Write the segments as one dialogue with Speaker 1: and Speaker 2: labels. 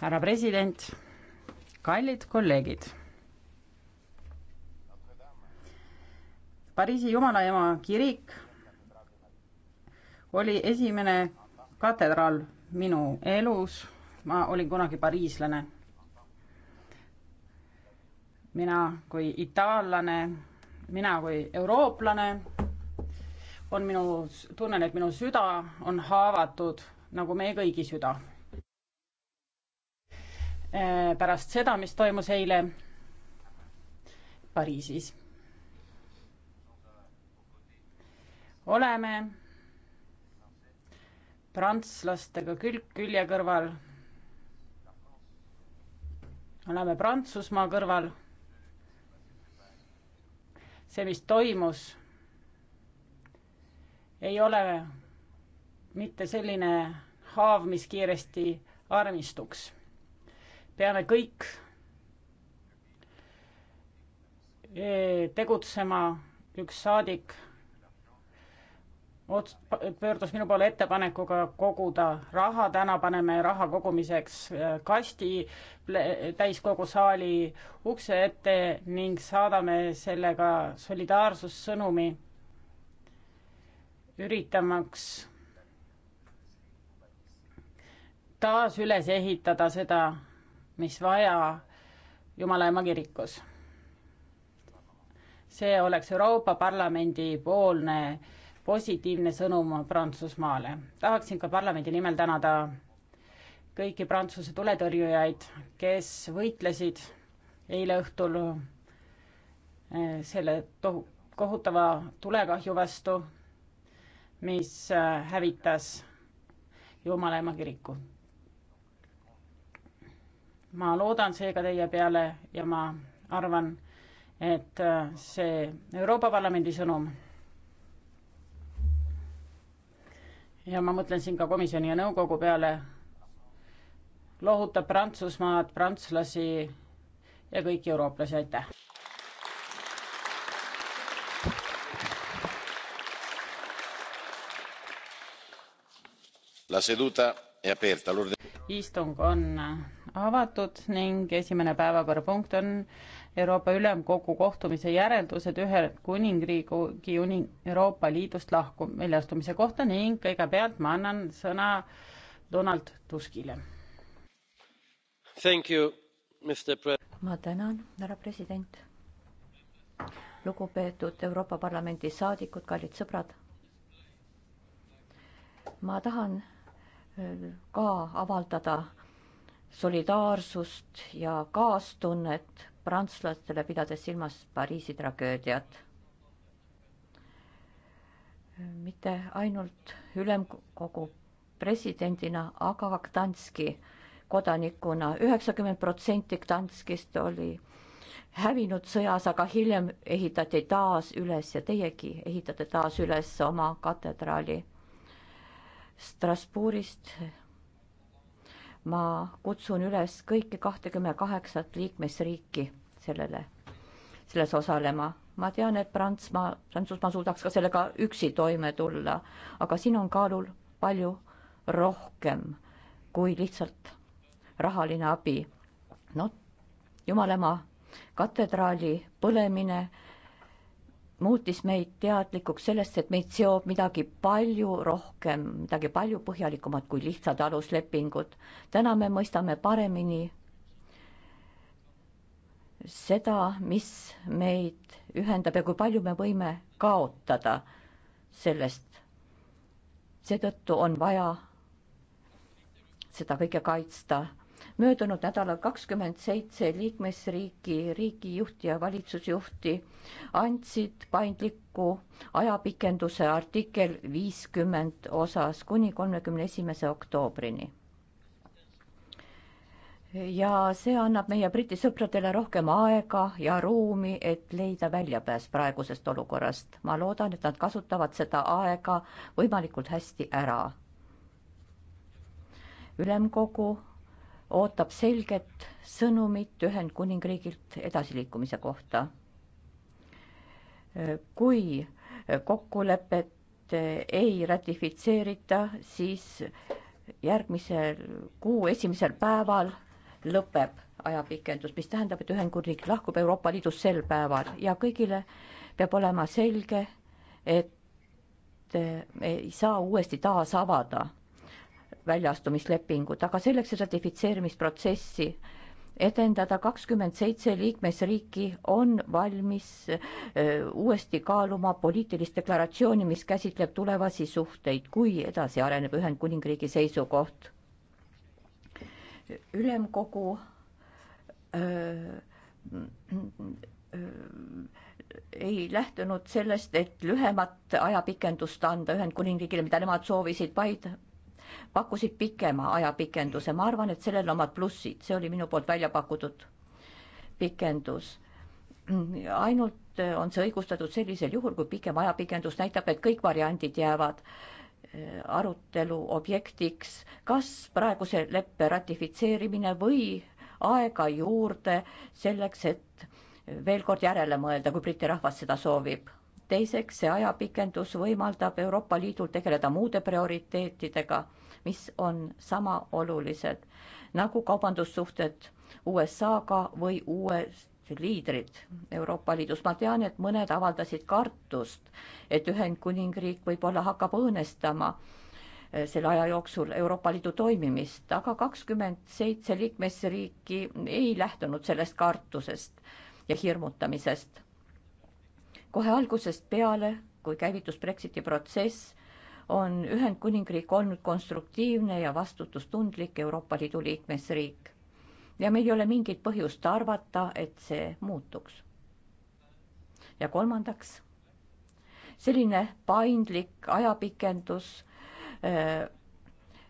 Speaker 1: härra president, kallid kolleegid. Pariisi Jumala ema kirik oli esimene katedraal minu elus. ma olin kunagi pariislane. mina kui itaallane, mina kui eurooplane on minu, tunnen, et minu süda on haavatud nagu meie kõigi süda Äh, pärast seda, mis toimus eile Pariisis. oleme prantslastega külg külje kõrval. oleme Prantsusmaa kõrval. see, mis toimus, ei ole mitte selline haav, mis kiiresti armistuks peame kõik eh, tegutsema, üks saadik ots-, pöördus minu poole ettepanekuga koguda raha, täna paneme raha kogumiseks eh, kasti täiskogu saali ukse ette ning saadame sellega solidaarsussõnumi, üritamaks taas üles ehitada seda mis vaja Jumala ema kirikus. see oleks Euroopa Parlamendi poolne positiivne sõnum Prantsusmaale. tahaksin ka parlamendi nimel tänada kõiki Prantsuse tuletõrjujaid, kes võitlesid eile õhtul eh, selle tohu-, kohutava tulekahju vastu, mis eh, hävitas Jumala ema kiriku ma loodan seega teie peale ja ma arvan, et äh, see Euroopa Parlamendi sõnum ja ma mõtlen siin ka komisjoni ja nõukogu peale, lohutab Prantsusmaad, prantslasi ja kõiki eurooplasi, aitäh! La seduta è aperta istung on avatud ning esimene päevakorrapunkt on Euroopa Ülemkogu kohtumise järeldused Ühendkuningriigi uni-, Euroopa Liidust lahku, väljaastumise kohta ning kõigepealt ma annan sõna
Speaker 2: Donald Tuskile. ma tänan, härra president. lugupeetud Euroopa Parlamendi saadikud, kallid sõbrad. ma tahan ka avaldada solidaarsust ja kaastunnet prantslastele, pidades silmas Pariisi tragöödiat. mitte ainult ülemkogu presidendina, aga ka Gdanski kodanikuna. üheksakümmend protsenti Gdanskist oli hävinud sõjas, aga hiljem ehitati taas üles ja teiegi ehitate taas üles oma katedraali Strasbourgist. ma kutsun üles kõiki kahtekümme kaheksat liikmesriiki sellele, selles osalema. ma tean, et Prantsusmaa, Prantsusmaa suudaks ka sellega üksi toime tulla, aga siin on kaalul palju rohkem kui lihtsalt rahaline abi. no Jumalamaa katedraali põlemine muutis meid teadlikuks sellest, et meid seob midagi palju rohkem, midagi palju põhjalikumat kui lihtsad aluslepingud. täna me mõistame paremini seda, mis meid ühendab ja kui palju me võime kaotada sellest. seetõttu on vaja seda kõike kaitsta möödunud nädalal kakskümmend seitse liikmesriiki, riigijuhti ja valitsusjuhti andsid paindliku ajapikenduse artikkel viiskümmend osas kuni kolmekümne esimese oktoobrini. ja see annab meie Briti sõpradele rohkem aega ja ruumi, et leida väljapääs praegusest olukorrast. ma loodan, et nad kasutavad seda aega võimalikult hästi ära. ülemkogu ootab selget sõnumit Ühendkuningriigilt edasiliikumise kohta. kui kokkulepet ei ratifitseerita, siis järgmise kuu esimesel päeval lõpeb ajapikendus, mis tähendab, et Ühendkuningriik lahkub Euroopa Liidust sel päeval ja kõigile peab olema selge, et ei saa uuesti taas avada väljaastumislepingut, aga selleks, et ratifitseerimisprotsessi edendada, kakskümmend seitse liikmesriiki on valmis uuesti kaaluma poliitilist deklaratsiooni, mis käsitleb tulevasi suhteid, kui edasi areneb Ühendkuningriigi seisukoht. ülemkogu öö, ei lähtunud sellest, et lühemat ajapikendust anda Ühendkuningriigile, mida nemad soovisid, vaid pakkusid pikema ajapikenduse, ma arvan, et sellel on omad plussid, see oli minu poolt välja pakutud pikendus. ainult on see õigustatud sellisel juhul, kui pikem ajapikendus näitab, et kõik variandid jäävad äh, arutelu objektiks, kas praeguse leppe ratifitseerimine või aega juurde selleks, et veel kord järele mõelda, kui Briti rahvas seda soovib teiseks, see ajapikendus võimaldab Euroopa Liidul tegeleda muude prioriteetidega mis on sama olulised nagu kaubandussuhted USA-ga või uued liidrid Euroopa Liidus. ma tean, et mõned avaldasid kartust, et Ühendkuningriik võib-olla hakkab õõnestama eh, selle aja jooksul Euroopa Liidu toimimist, aga kakskümmend seitse liikmesriiki ei lähtunud sellest kartusest ja hirmutamisest. kohe algusest peale, kui käivitus Brexiti protsess, on Ühendkuningriik olnud konstruktiivne ja vastutustundlik Euroopa Liidu liikmesriik. ja meil ei ole mingit põhjust arvata, et see muutuks. ja kolmandaks, selline paindlik ajapikendus öö, äh,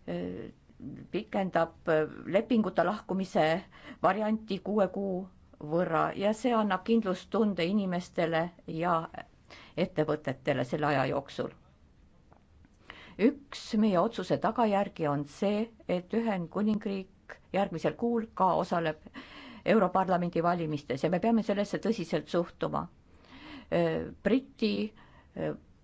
Speaker 2: öö, äh, pikendab äh, lepinguta lahkumise varianti kuue kuu võrra ja see annab kindlustunde inimestele ja ettevõtetele selle aja jooksul üks meie otsuse tagajärgi on see, et Ühendkuningriik järgmisel kuul ka osaleb Europarlamendi valimistes ja me peame sellesse tõsiselt suhtuma. Briti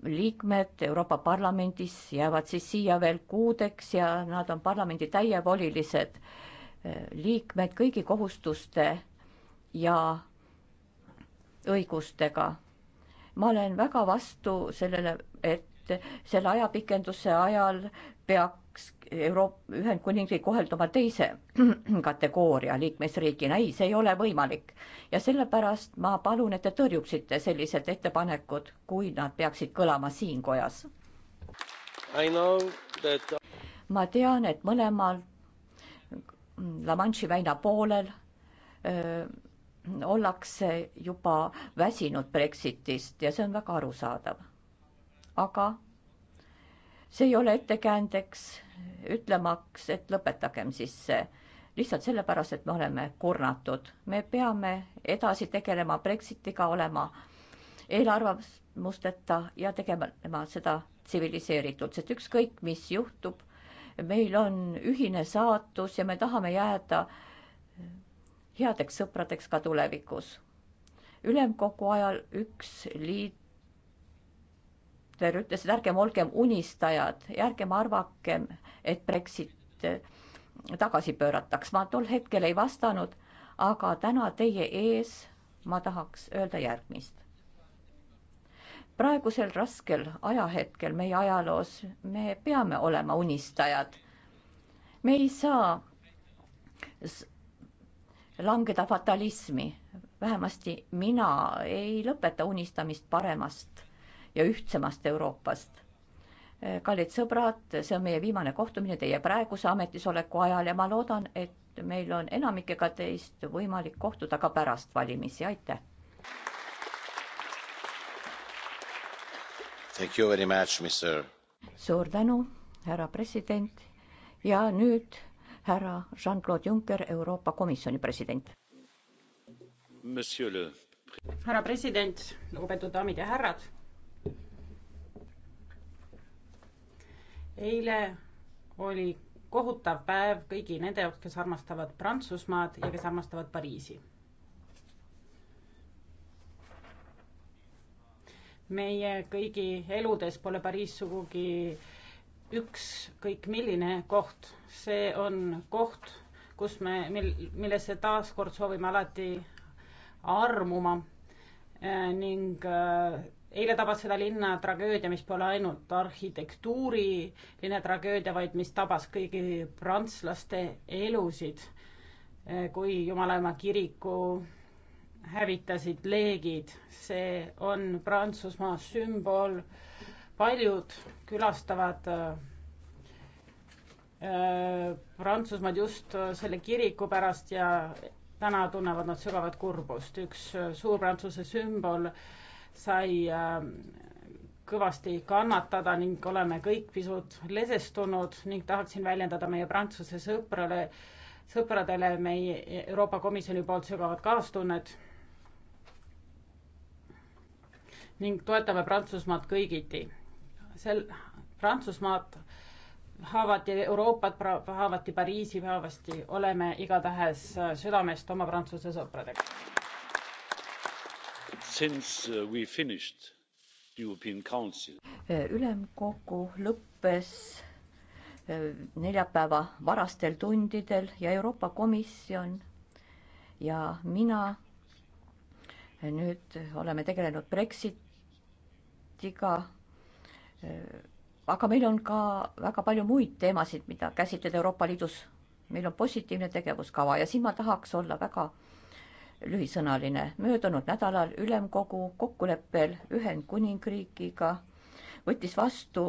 Speaker 2: liikmed Euroopa Parlamendis jäävad siis siia veel kuudeks ja nad on parlamendi täievolilised liikmed kõigi kohustuste ja õigustega. ma olen väga vastu sellele, et et selle ajapikenduse ajal peaks Euroopa Ühendkuningriik kohelduma teise kategooria liikmesriigina, ei, see ei ole võimalik. ja sellepärast ma palun, et te tõrjuksite sellised ettepanekud, kui nad peaksid kõlama siin kojas.
Speaker 1: That...
Speaker 2: ma tean, et mõlemal La Manche'i väina poolel öö, ollakse juba väsinud Brexitist ja see on väga arusaadav aga see ei ole ettekäändeks ütlemaks, et lõpetagem siis see lihtsalt sellepärast, et me oleme kurnatud. me peame edasi tegelema Brexitiga, olema eelarvamusteta ja tegema seda tsiviliseeritult, sest ükskõik, mis juhtub, meil on ühine saatus ja me tahame jääda headeks sõpradeks ka tulevikus. ülemkogu ajal üks liit Kastner ütles, et ärgem olgem unistajad ja ärgem arvakem, et Brexit äh, tagasi pöörataks. ma tol hetkel ei vastanud, aga täna teie ees ma tahaks öelda järgmist. praegusel raskel ajahetkel meie ajaloos me peame olema unistajad. me ei saa langeda fatalismi, vähemasti mina ei lõpeta unistamist paremast ja ühtsemast Euroopast. kallid sõbrad, see on meie viimane kohtumine teie praeguse ametisoleku ajal ja ma loodan, et meil on enamikega teist võimalik kohtuda ka pärast valimisi, aitäh! Much, suur tänu, härra president ja nüüd härra Jean-Claude Juncker, Euroopa Komisjoni president.
Speaker 1: härra president, lugupeetud daamid ja härrad eile oli kohutav päev kõigi nende jaoks, kes armastavad Prantsusmaad ja kes armastavad Pariisi. meie kõigi eludes pole Pariis sugugi ükskõik milline koht, see on koht, kus me, mil, millesse taaskord soovime alati armuma äh, ning äh, eile tabas seda linna tragöödia, mis pole ainult arhitektuuriline tragöödia, vaid mis tabas kõigi prantslaste elusid, kui Jumalaema kiriku hävitasid leegid. see on Prantsusmaa sümbol. paljud külastavad äh, Prantsusmaad just selle kiriku pärast ja täna tunnevad nad sügavat kurbust. üks äh, suur Prantsuse sümbol äh, sai ähm, kõvasti kannatada ning oleme kõik pisut lesestunud ning tahaksin väljendada meie Prantsuse sõprale, sõpradele meie Euroopa Komisjoni poolt sügavat kaastunnet ning toetame Prantsusmaad kõigiti. sel, Prantsusmaad haavati Euroopat, haavati Pariisi, haavasti oleme igatahes äh, südamest oma Prantsuse
Speaker 2: sõpradega. Uh, äh, ülemkogu lõppes äh, neljapäeva varastel tundidel ja Euroopa Komisjon ja mina äh, nüüd oleme tegelenud Brexitiga. aga meil on ka väga palju muid teemasid, mida käsitleda Euroopa Liidus. meil on positiivne tegevuskava ja siin ma tahaks olla väga lühisõnaline. möödunud nädalal ülemkogu kokkuleppel Ühendkuningriigiga võttis vastu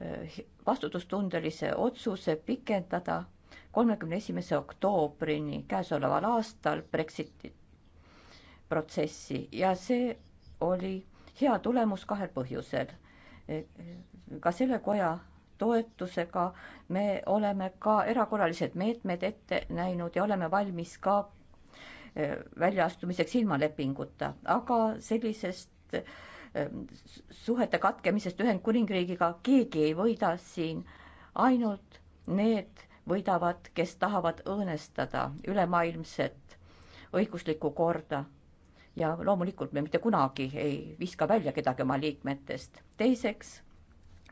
Speaker 2: eh, vastutustundelise otsuse pikendada kolmekümne esimese oktoobrini käesoleval aastal Brexiti protsessi ja see oli hea tulemus kahel põhjusel. Eh, ka selle koja toetusega me oleme ka erakorralised meetmed ette näinud ja oleme valmis ka väljaastumiseks ilma lepinguta, aga sellisest ähm, suhete katkemisest Ühendkuningriigiga keegi ei võida siin, ainult need võidavad, kes tahavad õõnestada ülemaailmset õiguslikku korda. ja loomulikult me mitte kunagi ei viska välja kedagi oma liikmetest. teiseks,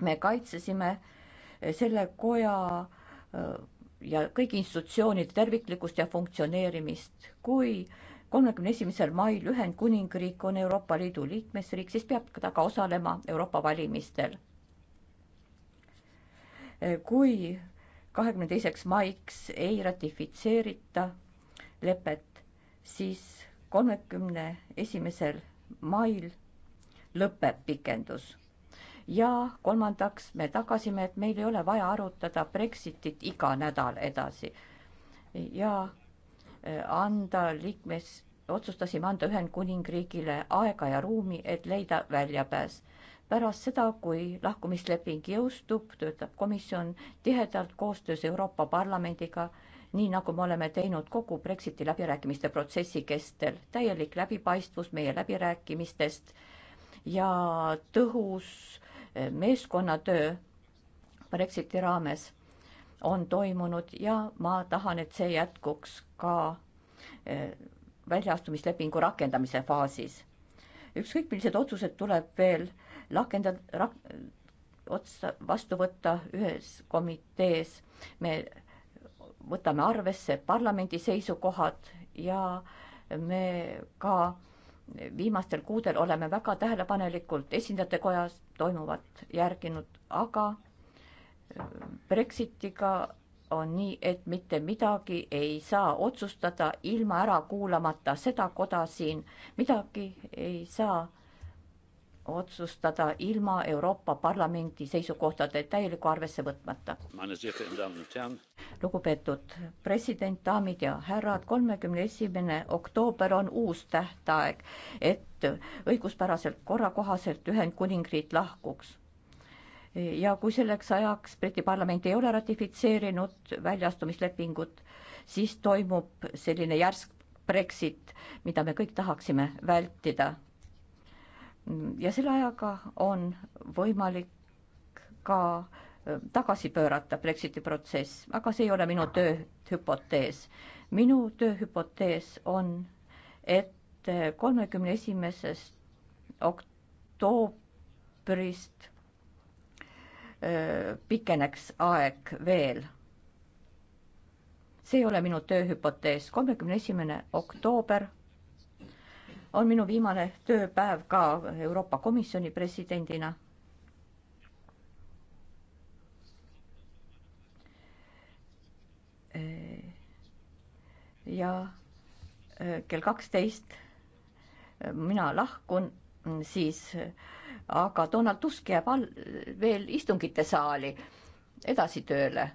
Speaker 2: me kaitsesime äh, selle koja äh, ja kõigi institutsioonide terviklikkust ja funktsioneerimist. kui kolmekümne esimesel mail Ühendkuningriik on Euroopa Liidu liikmesriik, siis peab ta ka osalema Euroopa valimistel. kui kahekümne teiseks maiks ei ratifitseerita lepet, siis kolmekümne esimesel mail lõpeb pikendus ja kolmandaks me tagasime, et meil ei ole vaja arutada Brexitit iga nädal edasi ja e, anda liikmes, otsustasime anda Ühendkuningriigile aega ja ruumi, et leida väljapääs. pärast seda, kui lahkumisleping jõustub, töötab komisjon tihedalt koostöös Euroopa Parlamendiga, nii nagu me oleme teinud kogu Brexiti läbirääkimiste protsessi kestel, täielik läbipaistvus meie läbirääkimistest ja tõhus meeskonnatöö Brexiti raames on toimunud ja ma tahan, et see jätkuks ka eh, väljaastumislepingu rakendamise faasis. ükskõik, millised otsused tuleb veel rakendada rak,, otsa vastu võtta ühes komitees, me võtame arvesse parlamendi seisukohad ja me ka viimastel kuudel oleme väga tähelepanelikult esindajate kojas toimuvat järginud, aga Brexitiga on nii, et mitte midagi ei saa otsustada ilma ära kuulamata seda koda siin, midagi ei saa otsustada ilma Euroopa Parlamendi seisukohtade täielikku arvesse võtmata. lugupeetud president, daamid ja härrad, kolmekümne esimene oktoober on uus tähtaeg, et õiguspäraselt korra kohaselt Ühendkuningriik lahkuks. ja kui selleks ajaks Briti parlament ei ole ratifitseerinud väljaastumislepingut, siis toimub selline järsk Brexit, mida me kõik tahaksime vältida ja selle ajaga on võimalik ka tagasi pöörata Brexiti protsess, aga see ei ole minu tööhüpotees. minu tööhüpotees on, et kolmekümne esimesest oktoobrist pikeneks aeg veel. see ei ole minu tööhüpotees, kolmekümne esimene oktoober on minu viimane tööpäev ka Euroopa Komisjoni presidendina. ja kell kaksteist mina lahkun siis, aga Donald Tusk jääb all veel istungite saali edasi tööle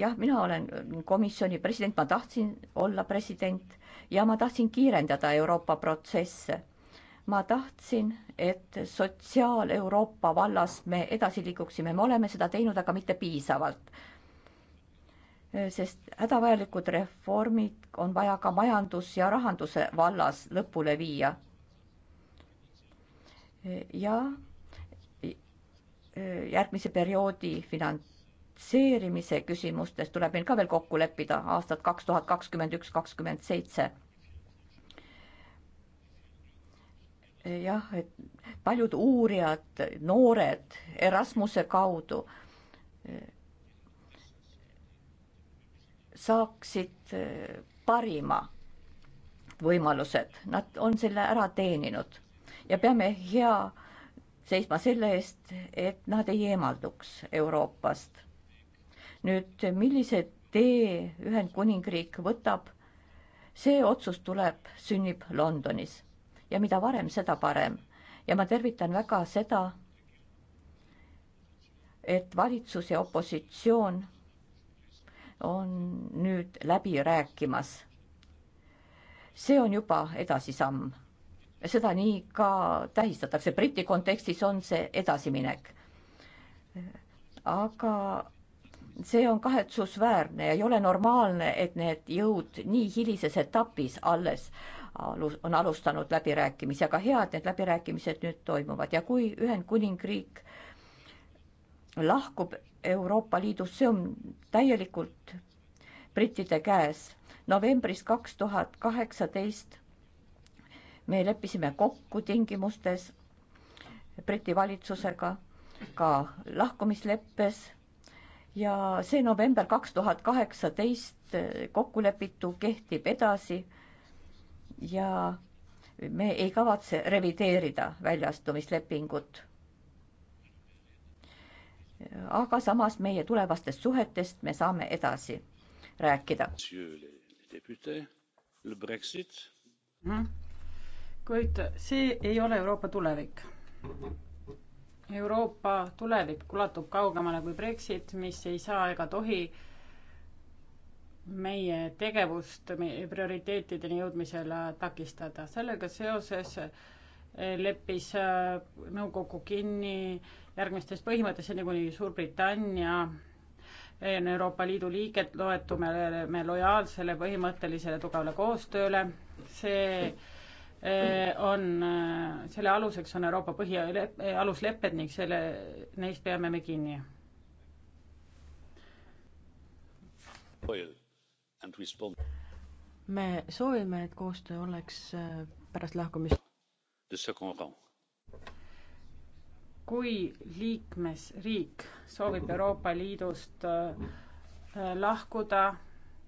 Speaker 2: jah, mina olen komisjoni president, ma tahtsin olla president ja ma tahtsin kiirendada Euroopa protsesse. ma tahtsin, et Sotsiaal-Euroopa vallas me edasi liiguksime, me oleme seda teinud, aga mitte piisavalt. sest hädavajalikud reformid on vaja ka majandus- ja rahanduse vallas lõpule viia. ja järgmise perioodi finants ratifitseerimise küsimustes tuleb meil ka veel kokku leppida aastad kaks tuhat kakskümmend üks, kakskümmend seitse. jah, et paljud uurijad, noored Erasmuse kaudu eh, saaksid eh, parima võimalused, nad on selle ära teeninud ja peame hea seisma selle eest, et nad ei eemalduks Euroopast nüüd, millise tee Ühendkuningriik võtab, see otsus tuleb, sünnib Londonis ja mida varem, seda parem. ja ma tervitan väga seda, et valitsus ja opositsioon on nüüd läbi rääkimas. see on juba edasisamm. seda nii ka tähistatakse, Briti kontekstis on see edasiminek. aga see on kahetsusväärne ja ei ole normaalne, et need jõud nii hilises etapis alles alus, on alustanud läbirääkimisi, aga hea, et need läbirääkimised nüüd toimuvad ja kui Ühendkuningriik lahkub Euroopa Liidust, see on täielikult brittide käes. novembris kaks tuhat kaheksateist me leppisime kokku tingimustes Briti valitsusega ka lahkumisleppes ja see november kaks tuhat kaheksateist kokkulepitu kehtib edasi ja me ei kavatse revideerida väljastumislepingut. aga samas meie tulevastest suhetest me saame edasi rääkida. Mhm. kuid see ei ole Euroopa tulevik.
Speaker 1: Euroopa tulevik ulatub kaugemale kui Brexit, mis ei saa ega tohi meie tegevust meie prioriteetideni jõudmisel takistada. sellega seoses eh, leppis eh, nõukogu kinni järgmistes põhimõttes, enne kuni Suurbritannia on Euroopa Liidu liiget, loetume me lojaalsele põhimõttelisele tugevale koostööle. see Äh, on, äh, selle aluseks on Euroopa põhi- äh, aluslepped ning selle, neist peame me kinni.
Speaker 3: me soovime, et koostöö oleks pärast lahkumist.
Speaker 1: kui liikmesriik soovib Euroopa Liidust lahkuda,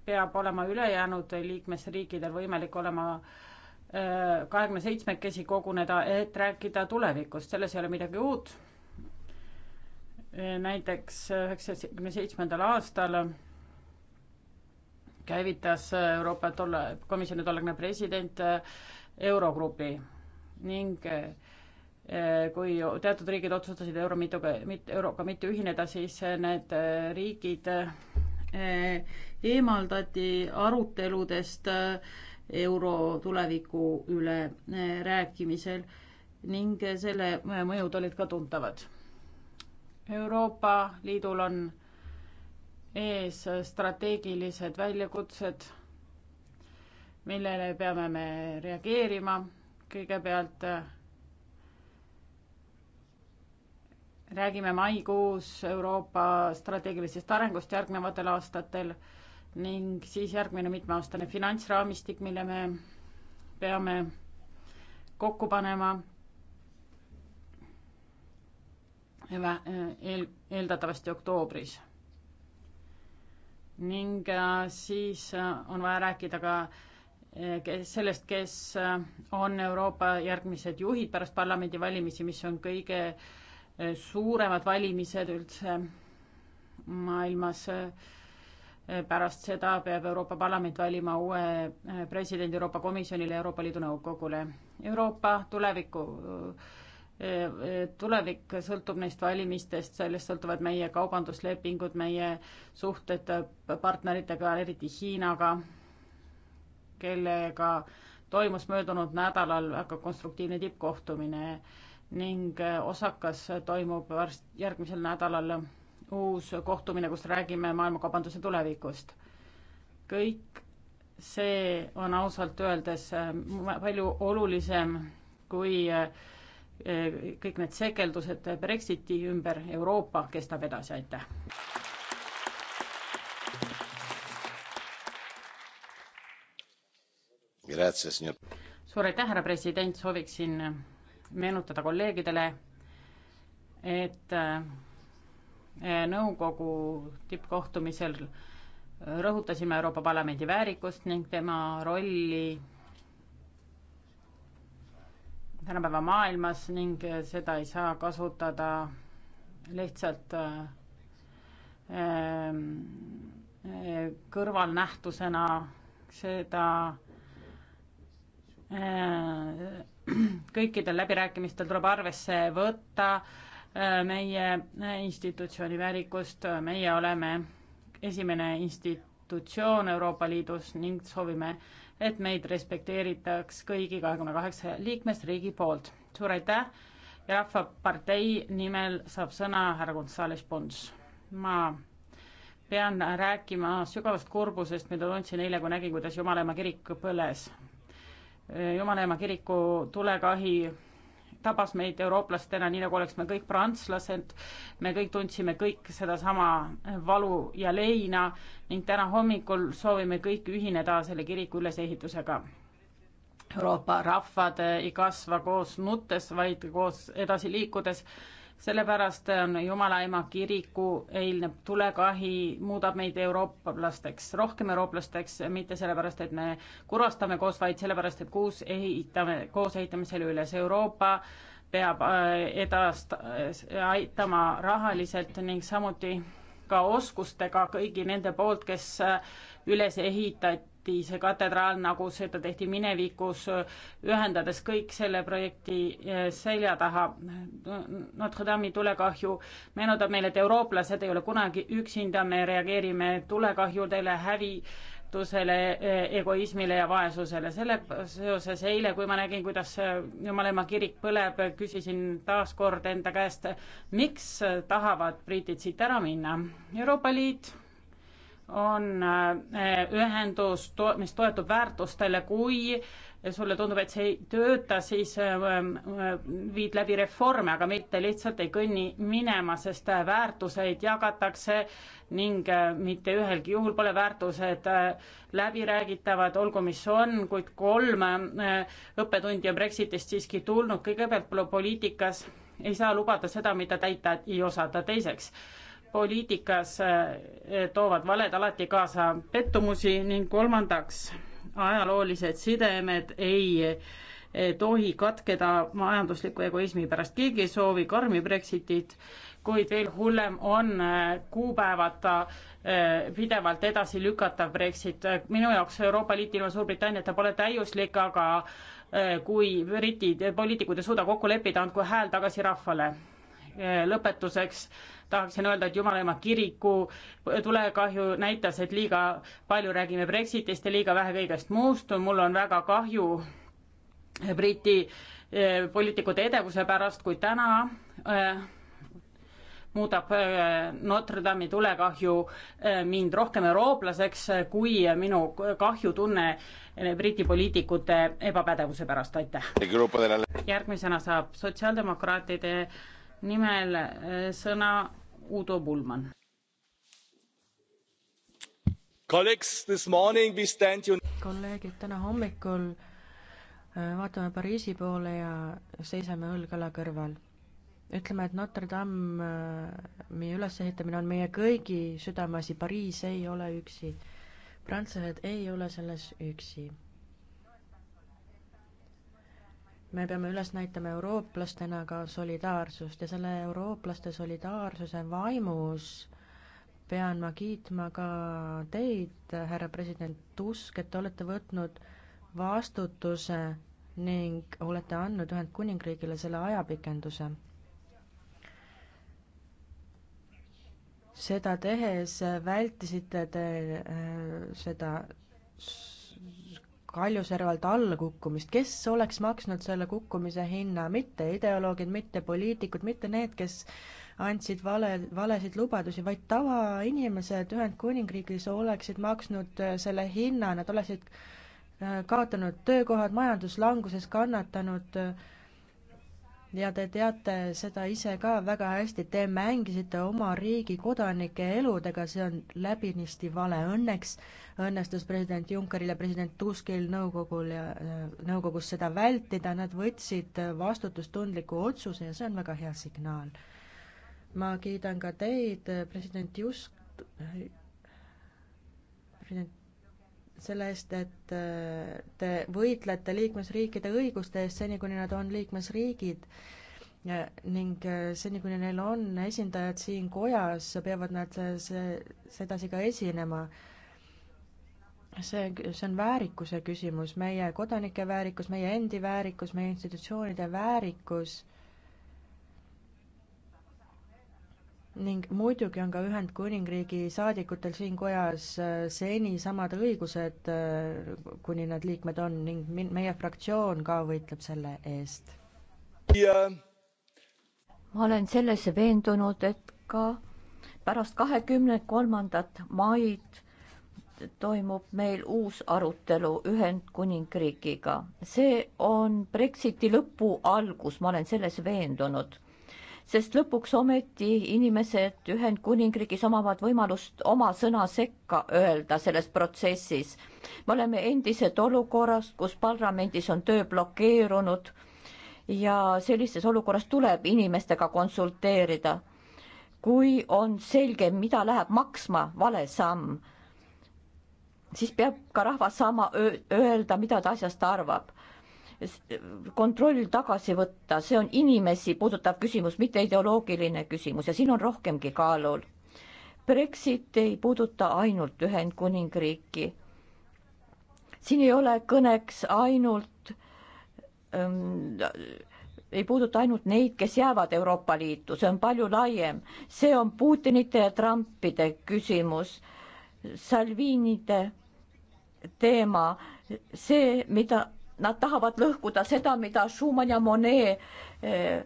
Speaker 1: peab olema ülejäänud liikmesriikidel võimalik olema äh, kahekümne seitsmekesi koguneda, et rääkida tulevikust, selles ei ole midagi uut. näiteks üheksakümne seitsmendal aastal käivitas Euroopa tolle, komisjoni tolleaegne president Eurogrupi ning eh, kui teatud riigid otsustasid euro mituga, mitte euroga mitte ühineda, siis need riigid eh, eemaldati aruteludest äh, euro tuleviku üle eh, rääkimisel ning eh, selle eh, mõjud olid ka tuntavad. Euroopa Liidul on ees strateegilised väljakutsed, millele peame me reageerima. kõigepealt räägime maikuus Euroopa strateegilisest arengust järgnevatel aastatel ning siis järgmine mitmeaastane finantsraamistik, mille me peame kokku panema eh, eel, eeldatavasti oktoobris. ning eh, siis eh, on vaja rääkida ka kes, sellest, kes on Euroopa järgmised juhid pärast parlamendivalimisi, mis on kõige suuremad valimised üldse maailmas äh, Eh, pärast seda peab Euroopa Parlament valima uue eh, presidendi Euroopa Komisjonile ja Euroopa Liidu Nõukogule. Euroopa tuleviku, eh, tulevik sõltub neist valimistest, sellest sõltuvad meie kaubanduslepingud, meie suhted partneritega, eriti Hiinaga, kellega toimus möödunud nädalal väga konstruktiivne tippkohtumine ning Osakas toimub varsti järgmisel nädalal uus kohtumine, kus räägime maailmakaubanduse tulevikust. kõik see on ausalt öeldes äh, palju olulisem kui äh, kõik need sekeldused Brexiti ümber, Euroopa kestab edasi, aitäh. suur aitäh, härra president, sooviksin meenutada kolleegidele, et äh, nõukogu tippkohtumisel rõhutasime Euroopa Parlamendi väärikust ning tema rolli tänapäeva maailmas ning seda ei saa kasutada lihtsalt ehm, kõrvalnähtusena, seda ehm, kõikidel läbirääkimistel tuleb arvesse võtta meie institutsiooni väärikust, meie oleme esimene institutsioon Euroopa Liidus ning soovime, et meid respekteeritaks kõigi kahekümne kaheksa liikmesriigi poolt. suur aitäh ja Rahvapartei nimel saab sõna härra Gonzales Pons. ma pean rääkima sügavast kurbusest, mida tundsin eile, kui nägin, kuidas Jumalaema kirik põles. Jumalaema kiriku tulekahi tabas meid eurooplastena, nii nagu oleks me kõik prantslased, me kõik tundsime kõik sedasama valu ja leina ning täna hommikul soovime kõik ühineda selle kiriku ülesehitusega. Euroopa rahvad ei kasva koos nuttes, vaid koos edasi liikudes sellepärast on Jumala ema kiriku eilne tulekahi muudab meid eurooplasteks, rohkem eurooplasteks, mitte sellepärast, et me kurvastame koos, vaid sellepärast, et koos ehitame, koos ehitame selle üles. Euroopa peab äh, edast-, äh, aitama rahaliselt ning samuti ka oskustega kõigi nende poolt, kes äh, üles ehitati see katedraal, nagu seda tehti minevikus, ühendades kõik selle projekti eh, selja taha. Notre Dame'i tulekahju meenutab meile, et eurooplased ei ole kunagi üksinda, me reageerime tulekahjudele, hävitusele, eh, egoismile ja vaesusele. selle seoses eile, kui ma nägin, kuidas eh, Jumalaema kirik põleb, küsisin taas kord enda käest, miks tahavad britid siit ära minna. Euroopa Liit on äh, ühendus, mis toetub väärtustele, kui sulle tundub, et see ei tööta, siis äh, äh, viid läbi reforme, aga mitte lihtsalt ei kõnni minema, sest väärtuseid jagatakse ning mitte ühelgi juhul pole väärtused läbiräägitavad, olgu mis on, kuid kolm õppetundi on Brexitist siiski tulnud, kõigepealt poliitikas ei saa lubada seda, mida täita ei osata, teiseks poliitikas eh, toovad valed alati kaasa pettumusi ning kolmandaks, ajaloolised sidemed ei eh, tohi katkeda majandusliku egoismi pärast, keegi ei soovi karmi Brexitit, kuid veel hullem on eh, kuupäevata pidevalt edasi lükatav Brexit. minu jaoks Euroopa Liit ilma Suurbritanniata pole täiuslik, aga kui britid, poliitikud ei suuda kokku leppida, andku hääl tagasi rahvale. Eh, lõpetuseks tahaksin öelda, et Jumala ema kiriku tulekahju näitas, et liiga palju räägime Brexitist ja liiga vähe kõigest muust, mul on väga kahju Briti eh, poliitikute edevuse pärast, kui täna äh, muudab äh, Notre Dame'i tulekahju äh, mind rohkem eurooplaseks kui minu kahjutunne Briti poliitikute ebapädevuse pärast, aitäh. järgmisena saab sotsiaaldemokraatide nimel eh, sõna Udo Bullmann.
Speaker 3: kolleegid, täna hommikul eh, vaatame Pariisi poole ja seisame õlg õla kõrval. ütleme, et Notre Dame'i eh, ülesehitamine on meie kõigi südameasi, Pariis ei ole üksi. prantslased ei ole selles üksi me peame üles näitama eurooplastena ka solidaarsust ja selle eurooplaste solidaarsuse vaimus pean ma kiitma ka teid, härra president Tusk, et te olete võtnud vastutuse ning olete andnud Ühendkuningriigile selle ajapikenduse. seda tehes vältisite te äh, seda kaljuservalt allakukkumist, kes oleks maksnud selle kukkumise hinna, mitte ideoloogid, mitte poliitikud, mitte need, kes andsid vale, valesid lubadusi, vaid tavainimesed Ühendkuningriigis oleksid maksnud äh, selle hinna, nad oleksid äh, kaotanud töökohad, majanduslanguses kannatanud äh, ja te teate seda ise ka väga hästi, te mängisite oma riigi kodanike eludega, see on läbinisti vale. Õnneks õnnestus president Junckeril ja president Tuskil nõukogul ja äh, nõukogus seda vältida, nad võtsid vastutustundliku otsuse ja see on väga hea signaal. ma kiidan ka teid, president Just, äh, president selle eest, et äh, te võitlete liikmesriikide õiguste eest seni, kuni nad on liikmesriigid Ja, ning äh, seni, kuni neil on esindajad siin kojas, peavad nad äh, see, sedasi ka esinema. see, see on väärikuse küsimus, meie kodanike väärikus, meie endi väärikus, meie institutsioonide väärikus ning muidugi on ka Ühendkuningriigi saadikutel siin kojas äh, seni samad õigused, äh, kuni nad liikmed on ning min-, meie fraktsioon ka võitleb selle eest.
Speaker 2: ma olen selles veendunud, et ka pärast kahekümne kolmandat maid toimub meil uus arutelu Ühendkuningriigiga. see on Brexiti lõpu algus, ma olen selles veendunud sest lõpuks ometi inimesed Ühendkuningriigis omavad võimalust oma sõna sekka öelda selles protsessis. me oleme endiselt olukorras, kus parlamendis on töö blokeerunud ja sellises olukorras tuleb inimestega konsulteerida. kui on selge, mida läheb maksma vale samm, siis peab ka rahvas saama öelda, mida ta asjast arvab kontroll tagasi võtta, see on inimesi puudutav küsimus, mitte ideoloogiline küsimus ja siin on rohkemgi kaalul. Brexit ei puuduta ainult Ühendkuningriiki. siin ei ole kõneks ainult ähm, ei puuduta ainult neid, kes jäävad Euroopa Liitu, see on palju laiem. see on Putinite ja Trumpide küsimus, Salvinide teema, see, mida nad tahavad lõhkuda seda, mida Schumann ja Monet eh,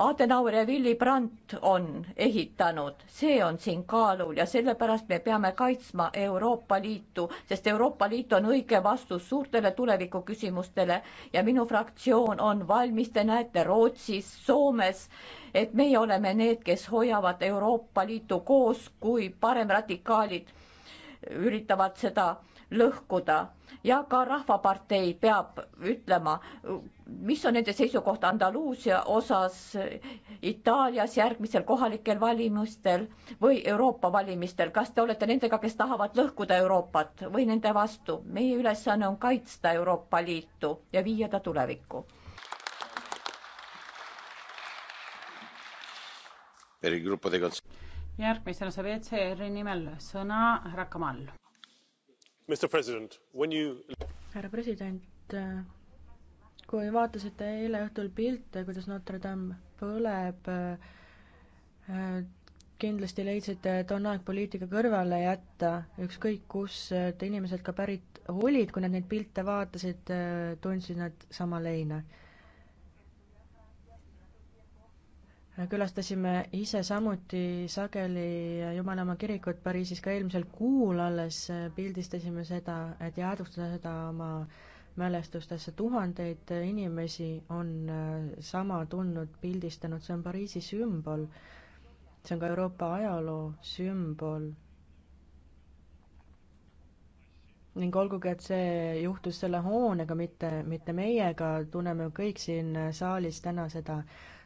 Speaker 2: Adenauer ja Willy Brandt on ehitanud, see on siin kaalul ja sellepärast me peame kaitsma Euroopa Liitu, sest Euroopa Liit on õige vastus suurtele tulevikuküsimustele ja minu fraktsioon on valmis, te näete Rootsis, Soomes, et meie oleme need, kes hoiavad Euroopa Liitu koos, kui paremradikaalid üritavad seda lõhkuda ja ka Rahvapartei peab ütlema, mis on nende seisukoht Andaluusia osas Itaalias järgmisel kohalikel valimistel või Euroopa valimistel, kas te olete nendega, kes tahavad lõhkuda Euroopat või nende vastu? meie ülesanne on kaitsta Euroopa Liitu ja viia ta tulevikku.
Speaker 1: järgmisena saab ECR-i nimel
Speaker 3: sõna härra Kamal
Speaker 2: härra
Speaker 3: president kui vaatasite eile õhtul pilte kuidas notre dame põleb kindlasti leidsite et on aeg poliitika kõrvale jätta ükskõik kust inimesed ka pärit olid kui nad neid pilte vaatasid tundsid nad sama leina külastasime ise samuti sageli Jumalamaa kirikut Pariisis ka eelmisel kuul alles, äh, pildistasime seda, et jäädvustada seda oma mälestustesse, tuhandeid äh, inimesi on äh, sama tundnud, pildistanud, see on Pariisi sümbol, see on ka Euroopa ajaloo sümbol. ning olgugi, et see juhtus selle hoonega, mitte, mitte meiega, tunneme kõik siin saalis täna seda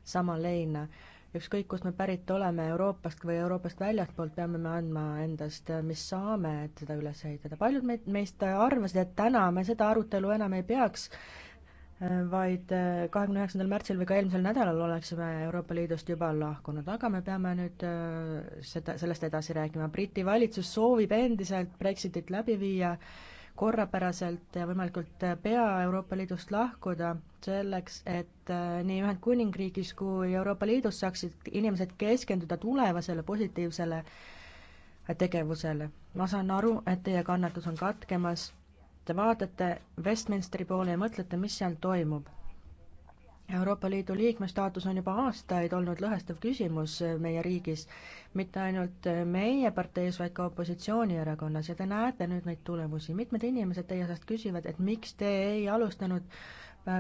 Speaker 3: sama leina. ükskõik, kust me pärit oleme, Euroopast või Euroopast väljastpoolt, peame me andma endast, äh, mis saame, et seda üles ehitada. paljud meid, meist arvasid, et täna me seda arutelu enam ei peaks, äh, vaid äh, kahekümne üheksandal märtsil või ka eelmisel nädalal oleksime Euroopa Liidust juba lahkunud, aga me peame nüüd seda, sellest edasi rääkima. Briti valitsus soovib endiselt Brexitit läbi viia korrapäraselt ja võimalikult pea Euroopa Liidust lahkuda selleks, et äh, nii Ühendkuningriigis kui Euroopa Liidus saaksid inimesed keskenduda tulevasele positiivsele tegevusele. ma saan aru, et teie kannatus on katkemas, te vaatate Westminsteri poole ja mõtlete, mis seal toimub. Euroopa Liidu liikme staatus on juba aastaid olnud lõhestav küsimus äh, meie riigis, mitte ainult äh, meie parteis, vaid ka opositsioonierakonnas ja te näete nüüd neid tulemusi, mitmed inimesed teie seast küsivad, et miks te ei alustanud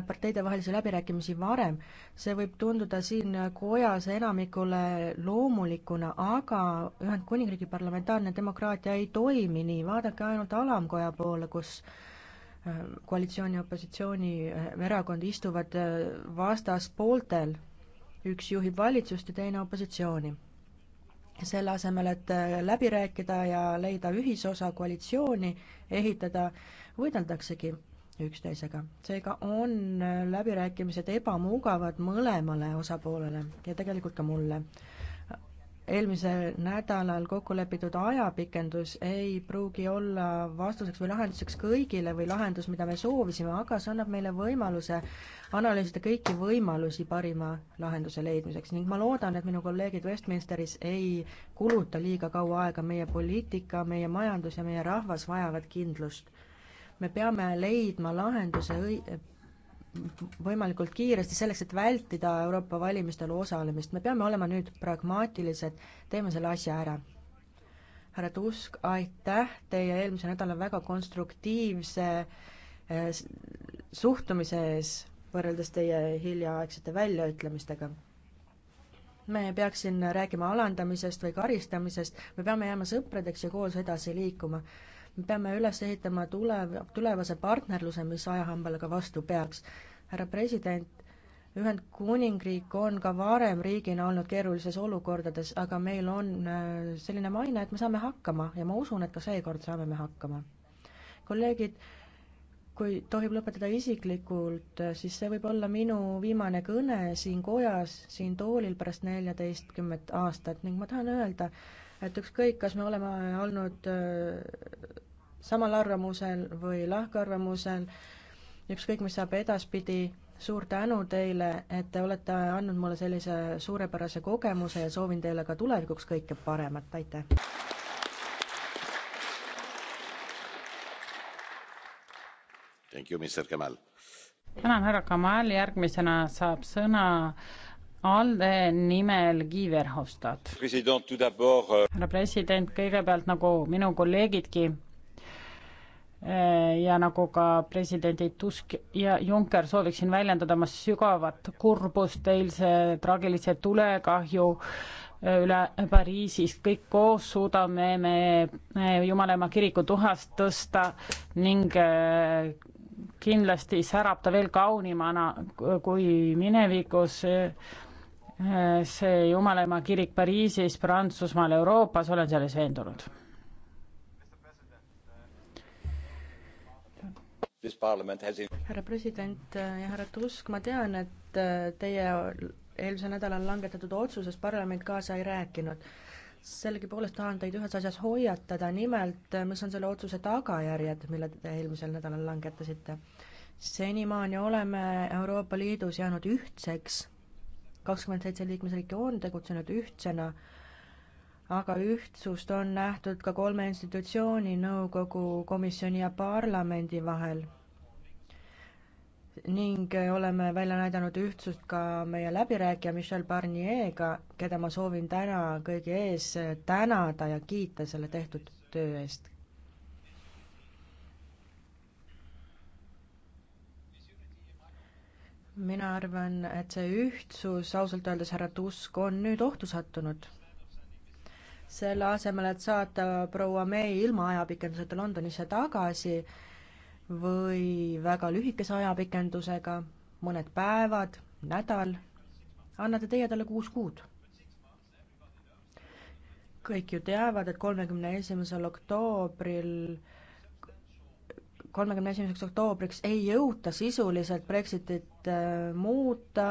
Speaker 3: parteidevahelisi läbirääkimisi varem. see võib tunduda siin kojas enamikule loomulikuna, aga Ühendkuningriigi parlamentaarne demokraatia ei toimi nii, vaadake ainult alamkoja poole, kus äh, koalitsiooni ja opositsiooni äh, erakond istuvad äh, vastaspooltel, üks juhib valitsust ja teine opositsiooni selle asemel, et läbi rääkida ja leida ühisosa koalitsiooni ehitada, võideldaksegi üksteisega. seega on äh, läbirääkimised ebamugavad mõlemale osapoolele ja tegelikult ka mulle. eelmisel nädalal kokku lepitud ajapikendus ei pruugi olla vastuseks või lahenduseks kõigile või lahendus, mida me soovisime, aga see annab meile võimaluse analüüsida kõiki võimalusi parima lahenduse leidmiseks ning ma loodan, et minu kolleegid Westminsteris ei kuluta liiga kaua aega, meie poliitika, meie majandus ja meie rahvas vajavad kindlust me peame leidma lahenduse õi-, võimalikult kiiresti selleks, et vältida Euroopa valimistel osalemist. me peame olema nüüd pragmaatilised, teeme selle asja ära. härra Tusk, aitäh teie eelmise nädala väga konstruktiivse eh, suhtumise ees võrreldes teie hiljaaegsete väljaütlemistega. me ei peaks siin rääkima alandamisest või karistamisest, me peame jääma sõpradeks ja koos edasi liikuma me peame üles ehitama tulev, tulevase partnerluse, mis ajahambale ka vastu peaks. härra president, Ühendkuningriik on ka varem riigina olnud keerulises olukordades, aga meil on äh, selline maine, et me saame hakkama ja ma usun, et ka seekord saame me hakkama. kolleegid, kui tohib lõpetada isiklikult, äh, siis see võib olla minu viimane kõne siin kojas, siin toolil pärast neljateistkümmet aastat ning ma tahan öelda, et ükskõik, kas me oleme olnud äh, samal arvamusel või lahkarvamusel, ükskõik, mis saab edaspidi, suur tänu teile, et te olete andnud mulle sellise suurepärase kogemuse ja soovin teile ka tulevikuks kõike paremat, aitäh!
Speaker 2: tänan,
Speaker 1: härra Kamal, järgmisena saab sõna ALDE nimel Guy Verhofstadt. härra president, kõigepealt nagu minu kolleegidki Äh, ja nagu ka presidendid Tusk ja Juncker sooviksin väljendada oma sügavat kurbust eilse traagilise tulekahju äh, üle Pariisis, kõik koos suudame me äh, Jumalaema kiriku tuhast tõsta ning kindlasti särab ta veel kaunimana kui minevikus. see Jumalaema kirik Pariisis, Prantsusmaal, Euroopas, olen selles veendunud
Speaker 3: härra president äh, ja härra Tusk, ma tean, et äh, teie eelmisel nädalal langetatud otsuses parlament kaasa ei rääkinud. sellegipoolest tahan teid ühes asjas hoiatada, nimelt äh, mis on selle otsuse tagajärjed, mille te eelmisel nädalal langetasite. senimaani oleme Euroopa Liidus jäänud ühtseks, kakskümmend seitse liikmesriiki on tegutsenud ühtsena aga ühtsust on nähtud ka kolme institutsiooni, nõukogu, komisjoni ja parlamendi vahel. ning oleme välja näidanud ühtsust ka meie läbirääkija Michel Barnier'ga, keda ma soovin täna kõigi ees tänada ja kiita selle tehtud töö eest. mina arvan, et see ühtsus ausalt öeldes, härra Tusk, on nüüd ohtu sattunud selle asemel, et saata proua May ilma ajapikenduseta Londonisse tagasi või väga lühikese ajapikendusega, mõned päevad, nädal, annate teie talle kuus kuud. kõik ju teavad, et kolmekümne esimesel oktoobril kolmekümne esimeseks oktoobriks ei jõuta sisuliselt Brexitit äh, muuta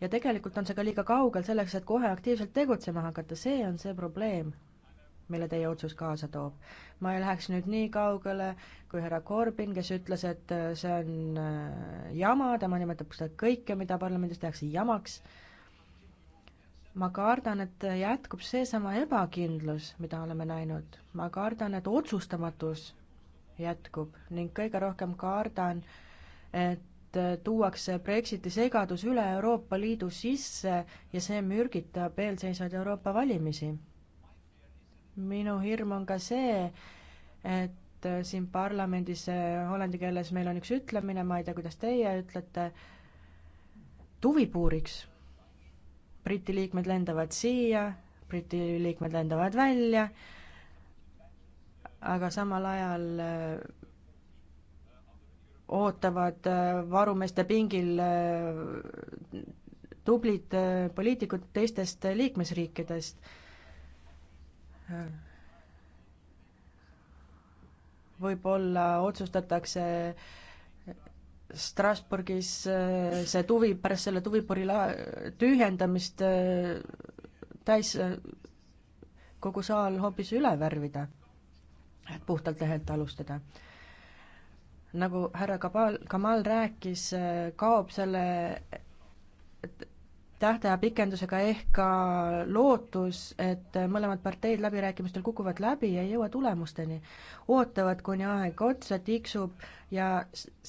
Speaker 3: ja tegelikult on see ka liiga kaugel selleks, et kohe aktiivselt tegutsema hakata, see on see probleem mille teie otsus kaasa toob. ma ei läheks nüüd nii kaugele kui härra Corbyn, kes ütles, et äh, see on äh, jama, tema nimetab seda kõike, mida parlamendis tehakse, jamaks. ma kardan, et jätkub seesama ebakindlus, mida oleme näinud. ma kardan, et otsustamatus jätkub ning kõige rohkem kardan, et äh, tuuakse Brexiti segadus üle Euroopa Liidu sisse ja see mürgitab eelseisvaid Euroopa valimisi minu hirm on ka see, et äh, siin parlamendis äh, hollandi keeles meil on üks ütlemine, ma ei tea, kuidas teie ütlete, tuvipuuriks. Briti liikmed lendavad siia, Briti liikmed lendavad välja, aga samal ajal äh, ootavad varumeeste pingil tublid poliitikud teistest liikmesriikidest Äh, võib-olla otsustatakse äh, Strasbourgis äh, see tuvi, pärast selle tuvipori la-, tühjendamist täis, kogu saal hoopis üle värvida, et puhtalt lehelt alustada. nagu härra Kabal, Kamal rääkis, kaob selle tähtajapikendusega ehk ka lootus, et mõlemad parteid läbirääkimistel kukuvad läbi ja ei jõua tulemusteni. ootavad, kuni aeg otsa tiksub ja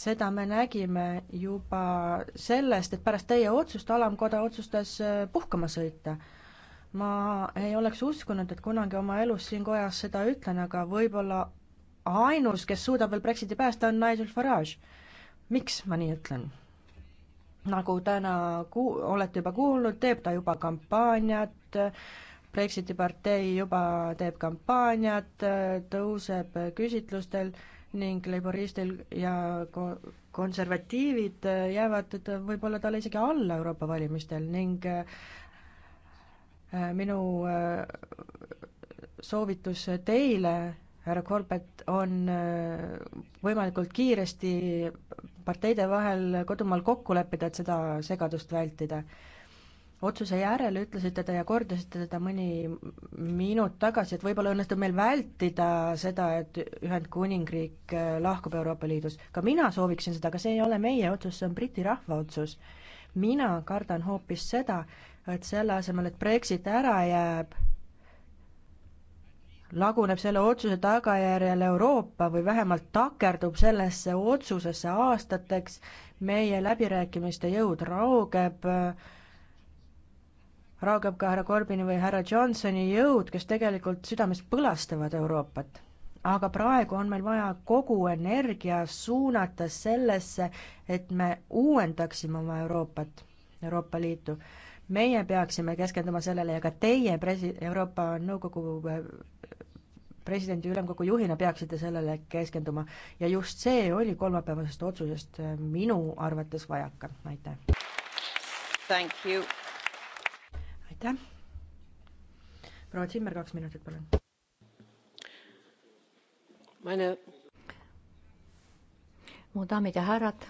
Speaker 3: seda me nägime juba sellest, et pärast teie otsust alamkoda otsustas äh, puhkama sõita. ma ei oleks uskunud, et kunagi oma elus siin kojas seda ütlen, aga võib-olla ainus, kes suudab veel Brexiti päästa, on Nigel Farage. miks ma nii ütlen? nagu täna ku-, olete juba kuulnud, teeb ta juba kampaaniat, Brexiti partei juba teeb kampaaniat, tõuseb küsitlustel ning laboristil ja ko-, konservatiivid jäävad võib-olla talle isegi alla Euroopa valimistel ning äh, minu äh, soovitus teile härra Corbett on äh, võimalikult kiiresti parteide vahel kodumaal kokku leppida, et seda segadust vältida. otsuse järel ütlesite te ja kordasite seda mõni minut tagasi, et võib-olla õnnestub meil vältida seda, et Ühendkuningriik äh, lahkub Euroopa Liidus. ka mina sooviksin seda, aga see ei ole meie otsus, see on Briti rahva otsus. mina kardan hoopis seda, et selle asemel, et Brexit ära jääb, laguneb selle otsuse tagajärjel Euroopa või vähemalt takerdub sellesse otsusesse aastateks, meie läbirääkimiste jõud raugeb, raugeb ka härra Corbini või härra Johnsoni jõud, kes tegelikult südamest põlastavad Euroopat. aga praegu on meil vaja kogu energia suunata sellesse, et me uuendaksime oma Euroopat, Euroopa Liitu meie peaksime keskenduma sellele ja ka teie presi-, Euroopa Nõukogu presidendi ülemkogu juhina peaksite sellele keskenduma ja just see oli kolmapäevasest otsusest äh, minu arvates vajaka, aitäh. aitäh. proua Zimmer, kaks minutit, palun.
Speaker 2: Meine... mu daamid ja härrad,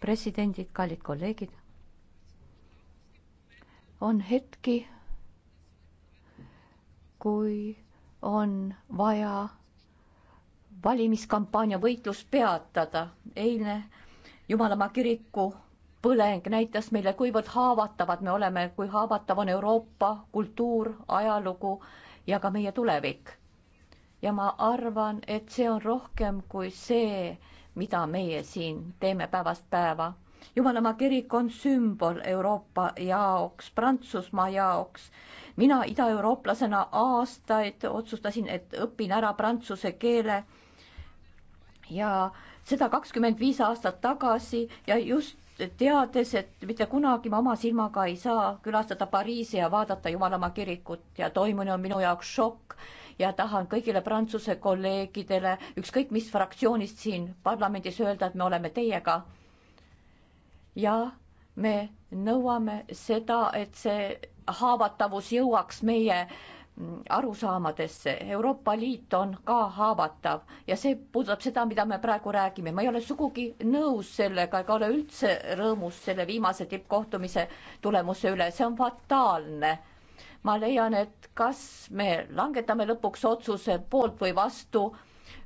Speaker 2: presidendid, kallid kolleegid, on hetki, kui on vaja valimiskampaania võitlus peatada. eilne Jumalamaa kiriku põleng näitas meile, kuivõrd haavatavad me oleme, kui haavatav on Euroopa kultuur, ajalugu ja ka meie tulevik. ja ma arvan, et see on rohkem kui see, mida meie siin teeme päevast päeva Jumalamaa kirik on sümbol Euroopa jaoks, Prantsusmaa jaoks. mina idaeurooplasena aastaid otsustasin, et õpin ära prantsuse keele ja seda kakskümmend viis aastat tagasi ja just teades, et mitte kunagi ma oma silmaga ei saa külastada Pariisi ja vaadata Jumalamaa kirikut ja toimunu on minu jaoks šokk ja tahan kõigile prantsuse kolleegidele, ükskõik mis fraktsioonist siin parlamendis öelda, et me oleme teiega ja me nõuame seda, et see haavatavus jõuaks meie mm, arusaamadesse. Euroopa Liit on ka haavatav ja see puudutab seda, mida me praegu räägime. ma ei ole sugugi nõus sellega ega ole üldse rõõmus selle viimase tippkohtumise tulemuse üle, see on fataalne. ma leian, et kas me langetame lõpuks otsuse poolt või vastu,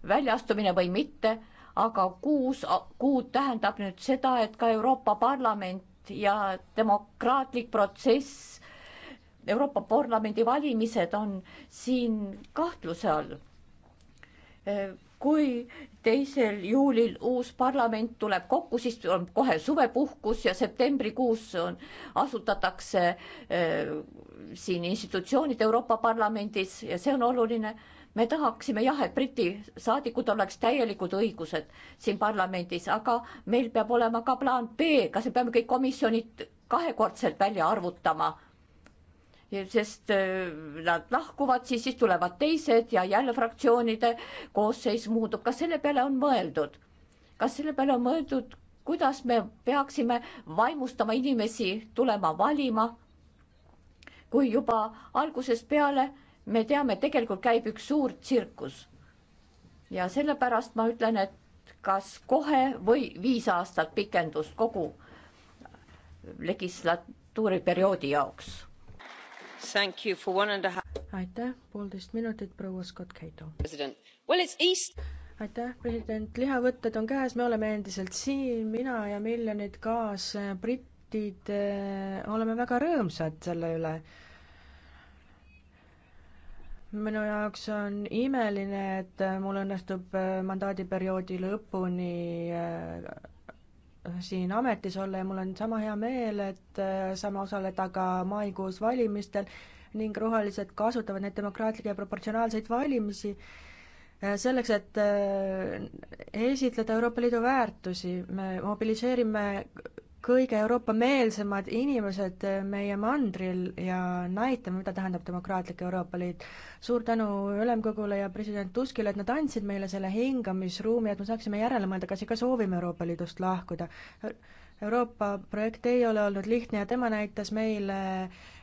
Speaker 2: väljaastumine või mitte, aga kuus kuud tähendab nüüd seda, et ka Euroopa Parlament ja demokraatlik protsess, Euroopa Parlamendi valimised on siin kahtluse all. kui teisel juulil uus parlament tuleb kokku, siis on kohe suvepuhkus ja septembrikuus on, asutatakse äh, siin institutsioonid Euroopa Parlamendis ja see on oluline me tahaksime jah, et Briti saadikud oleks täielikud õigused siin parlamendis, aga meil peab olema ka plaan B, kas me peame kõik komisjonid kahekordselt välja arvutama? sest äh, nad lahkuvad, siis, siis tulevad teised ja jälle fraktsioonide koosseis muutub. kas selle peale on mõeldud? kas selle peale on mõeldud, kuidas me peaksime vaimustama inimesi tulema valima, kui juba algusest peale me teame, et tegelikult käib üks suur tsirkus. ja sellepärast ma ütlen, et kas kohe või viis aastat pikendust kogu legislatuuri perioodi jaoks.
Speaker 3: aitäh,
Speaker 2: poolteist minutit, proua Scott Cato.
Speaker 3: Well, aitäh, president, lihavõtted on käes, me oleme endiselt siin, mina ja miljonid kaasbritid eh, oleme väga rõõmsad selle üle minu jaoks on imeline, et mul õnnestub äh, mandaadiperioodi lõpuni äh, siin ametis olla ja mul on sama hea meel, et äh, saame osaleda ka maikuus valimistel ning rohelised kasutavad neid demokraatlikke ja proportsionaalseid valimisi selleks, et esitleda Euroopa Liidu väärtusi. me mobiliseerime kõige Euroopa-meelsemad inimesed meie mandril ja näitame, mida tähendab demokraatlik Euroopa Liit. suur tänu Ülemkogule ja president Tuskile, et nad andsid meile selle hingamisruumi, et me saaksime järele mõelda, kas ikka soovime Euroopa Liidust lahkuda. Euroopa projekt ei ole olnud lihtne ja tema näitas meile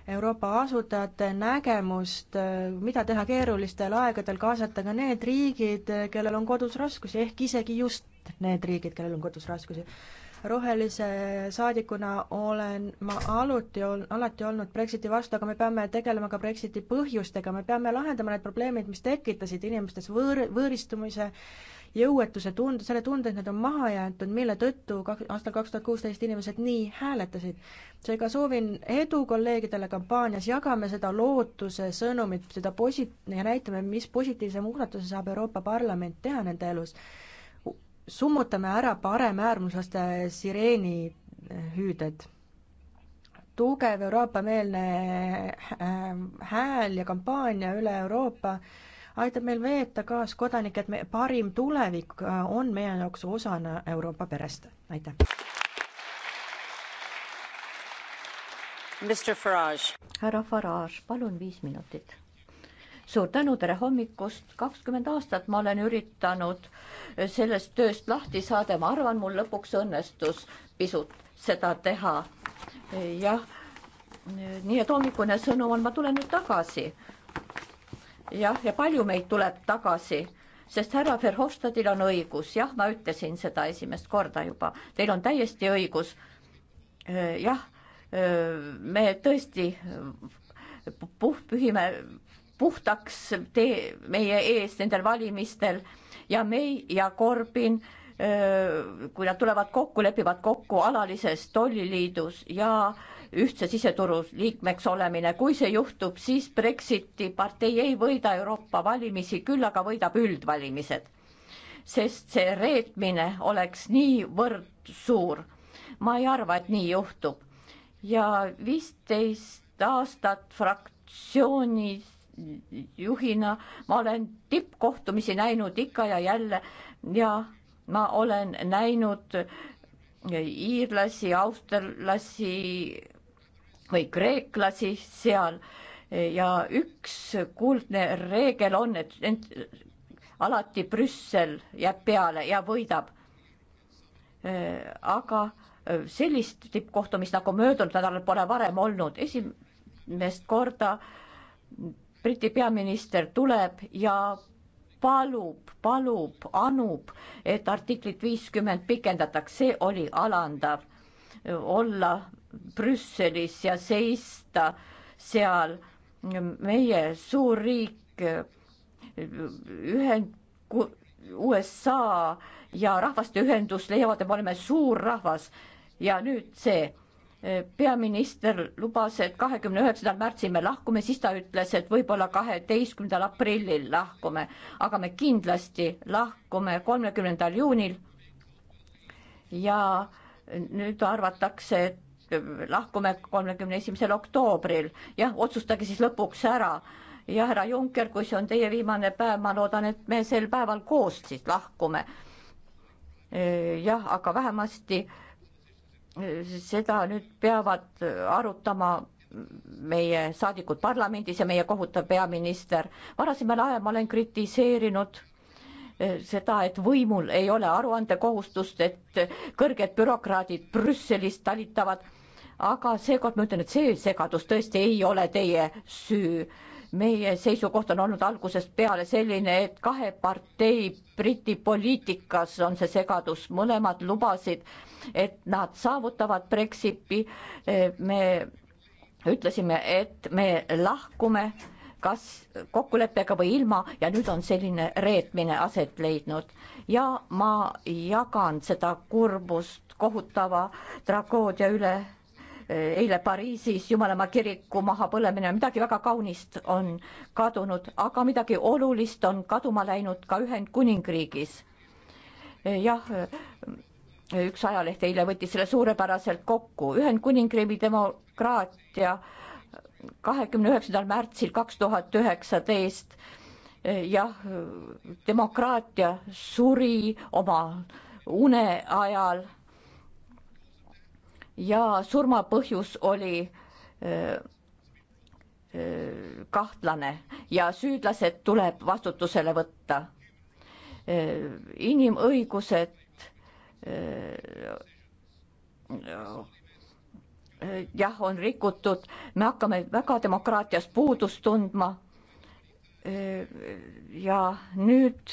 Speaker 3: Euroopa asutajate nägemust, mida teha keerulistel aegadel, kaasata ka need riigid, kellel on kodus raskusi, ehk isegi just need riigid, kellel on kodus raskusi rohelise saadikuna olen ma alati ol-, alati olnud Brexiti vastu, aga me peame tegelema ka Brexiti põhjustega, me peame lahendama need probleemid, mis tekitasid inimestes võõr, võõristumise, jõuetuse tunde, selle tunde, et nad on maha jäetud, mille tõttu kak-, aastal kaks tuhat kuusteist inimesed nii hääletasid. seega soovin edu kolleegidele kampaanias, jagame seda lootuse sõnumit, seda posi- ja näitame, mis positiivse muudatuse saab Euroopa Parlament teha nende elus summutame ära paremäärmuslaste sireeni hüüded. tugev Euroopa-meelne hääl ja kampaania üle Euroopa aitab meil veeta kaaskodanikke, et meie parim tulevik äh, on meie jaoks osana Euroopa perest. aitäh.
Speaker 2: härra Farage, palun viis minutit suur tänu, tere hommikust, kakskümmend aastat ma olen üritanud sellest tööst lahti saada, ma arvan, mul lõpuks õnnestus pisut seda teha. jah, nii et hommikune sõnum on, ma tulen nüüd tagasi. jah, ja palju meid tuleb tagasi, sest härra Verhofstadil on õigus, jah, ma ütlesin seda esimest korda juba, teil on täiesti õigus. jah, me tõesti puhpühime puhtaks tee meie ees nendel valimistel ja May ja Corbyn, kui nad tulevad kokku, lepivad kokku alalises tolliliidus ja ühtse siseturu liikmeks olemine. kui see juhtub, siis Brexiti partei ei võida Euroopa valimisi, küll aga võidab üldvalimised. sest see reetmine oleks niivõrd suur. ma ei arva, et nii juhtub. ja viisteist aastat fraktsioonis juhina, ma olen tippkohtumisi näinud ikka ja jälle ja ma olen näinud iirlasi, austerlasi või kreeklasi seal ja üks kuldne reegel on, et ent, alati Brüssel jääb peale ja võidab. aga sellist tippkohtumist nagu möödunud nädalal pole varem olnud, esimest korda Briti peaminister tuleb ja palub, palub, anub, et artiklit viiskümmend pikendataks, see oli alandav. Äh, olla Brüsselis ja seista seal, meie suur riik, äh, ühend-, USA ja Rahvaste Ühendus leiavad, et me oleme suur rahvas ja nüüd see peaminister lubas, et kahekümne üheksandal märtsil me lahkume, siis ta ütles, et võib-olla kaheteistkümnendal aprillil lahkume, aga me kindlasti lahkume kolmekümnendal juunil. ja nüüd arvatakse, et lahkume kolmekümne esimesel oktoobril, jah, otsustage siis lõpuks ära. ja härra Juncker, kui see on teie viimane päev, ma loodan, et me sel päeval koos siis lahkume. jah, aga vähemasti äh, seda nüüd peavad arutama meie saadikud parlamendis ja meie kohutav peaminister. varasemal ajal ma olen kritiseerinud eh, seda, et võimul ei ole aruandekohustust, et kõrged bürokraadid Brüsselist talitavad, aga seekord ma ütlen, et see segadus tõesti ei ole teie süü meie seisukoht on olnud algusest peale selline, et kahe partei Briti poliitikas on see segadus, mõlemad lubasid, et nad saavutavad Brexiti. me ütlesime, et me lahkume, kas kokkuleppega või ilma ja nüüd on selline reetmine aset leidnud ja ma jagan seda kurbust kohutava tragoodia üle Eh, eile Pariisis Jumalamaa kiriku mahapõlemine, midagi väga kaunist on kadunud, aga midagi olulist on kaduma läinud ka Ühendkuningriigis. Eh, jah, eh, üks ajaleht eile võttis selle suurepäraselt kokku, Ühendkuningriigi demokraatia kahekümne üheksandal märtsil kaks tuhat üheksateist jah, demokraatia suri oma une ajal ja surma põhjus oli öö, öö, kahtlane ja süüdlased tuleb vastutusele võtta. inimõigused jah, on rikutud, me hakkame väga demokraatias puudust tundma ja nüüd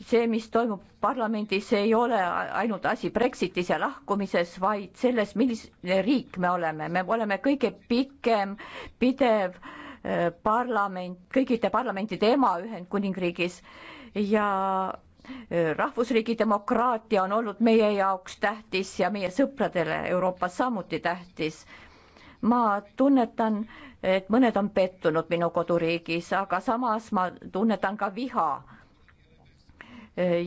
Speaker 2: see, mis toimub parlamendis, ei ole ainult asi Brexitis ja lahkumises, vaid selles, milline riik me oleme, me oleme kõige pikem pidev eh, parlament, kõigite parlamentide ema Ühendkuningriigis ja eh, rahvusriigi demokraatia on olnud meie jaoks tähtis ja meie sõpradele Euroopas samuti tähtis ma tunnetan, et mõned on pettunud minu koduriigis, aga samas ma tunnetan ka viha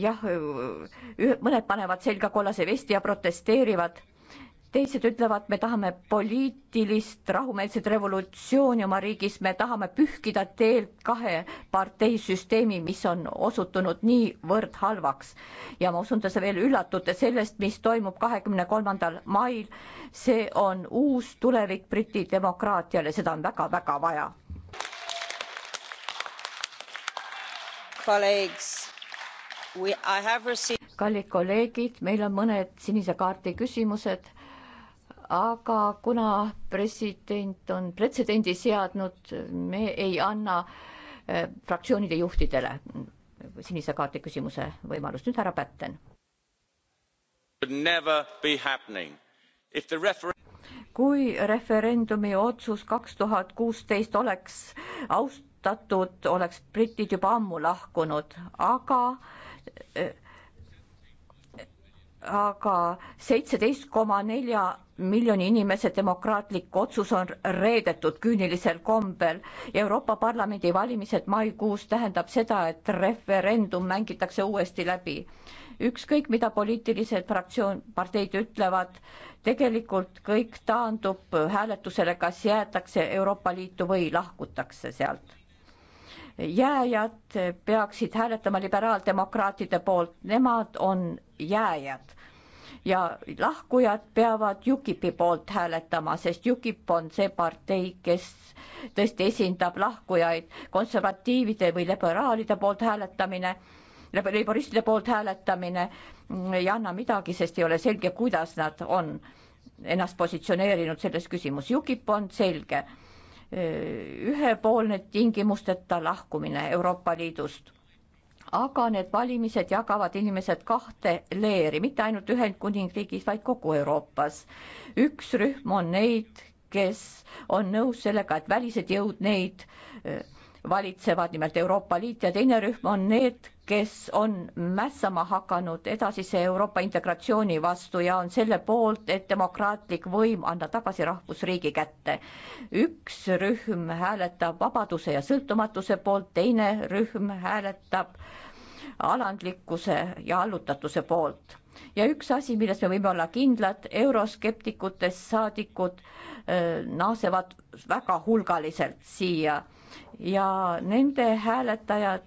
Speaker 2: jah, mõned panevad selga kollase vesti ja protesteerivad teised ütlevad, me tahame poliitilist rahumeelset revolutsiooni oma riigis, me tahame pühkida teelt kahe parteisüsteemi, mis on osutunud niivõrd halvaks. ja ma usun, te veel üllatute sellest, mis toimub kahekümne kolmandal mail. see on uus tulevik Briti demokraatiale, seda on väga-väga vaja. kolleegid kallid kolleegid, meil on mõned sinise kaardi küsimused aga kuna president on pretsedendi seadnud, me ei anna eh, fraktsioonide juhtidele sinise kaardi küsimuse võimalust. nüüd härra Pätten. kui referendumi otsus kaks tuhat kuusteist oleks austatud, oleks britid juba ammu lahkunud, aga eh, aga seitseteist koma nelja miljoni inimese demokraatlik otsus on reedetud küünilisel kombel. Euroopa Parlamendi valimised maikuus tähendab seda, et referendum mängitakse uuesti läbi. ükskõik, mida poliitilised fraktsioon, parteid ütlevad, tegelikult kõik taandub hääletusele, kas jäetakse Euroopa Liitu või lahkutakse sealt jääjad peaksid hääletama liberaaldemokraatide poolt, nemad on jääjad ja lahkujad peavad UKIP-i poolt hääletama, sest UKIP on see partei, kes tõesti esindab lahkujaid. konservatiivide või liberaalide poolt hääletamine, laboristide poolt hääletamine ei anna midagi, sest ei ole selge, kuidas nad on ennast positsioneerinud selles küsimus. UKIP on selge, ühepoolne tingimusteta lahkumine Euroopa Liidust aga need valimised jagavad inimesed kahte leeri, mitte ainult Ühendkuningriigis, vaid kogu Euroopas. üks rühm on neid, kes on nõus sellega, et välised jõud neid valitsevad, nimelt Euroopa Liit ja teine rühm on need, kes on mässama hakanud edasise Euroopa integratsiooni vastu ja on selle poolt, et demokraatlik võim anda tagasi rahvusriigi kätte. üks rühm hääletab vabaduse ja sõltumatuse poolt, teine rühm hääletab alandlikkuse ja allutatuse poolt. ja üks asi, milles me võime olla kindlad, euroskeptikutest saadikud äh, naasevad väga hulgaliselt siia ja nende hääletajad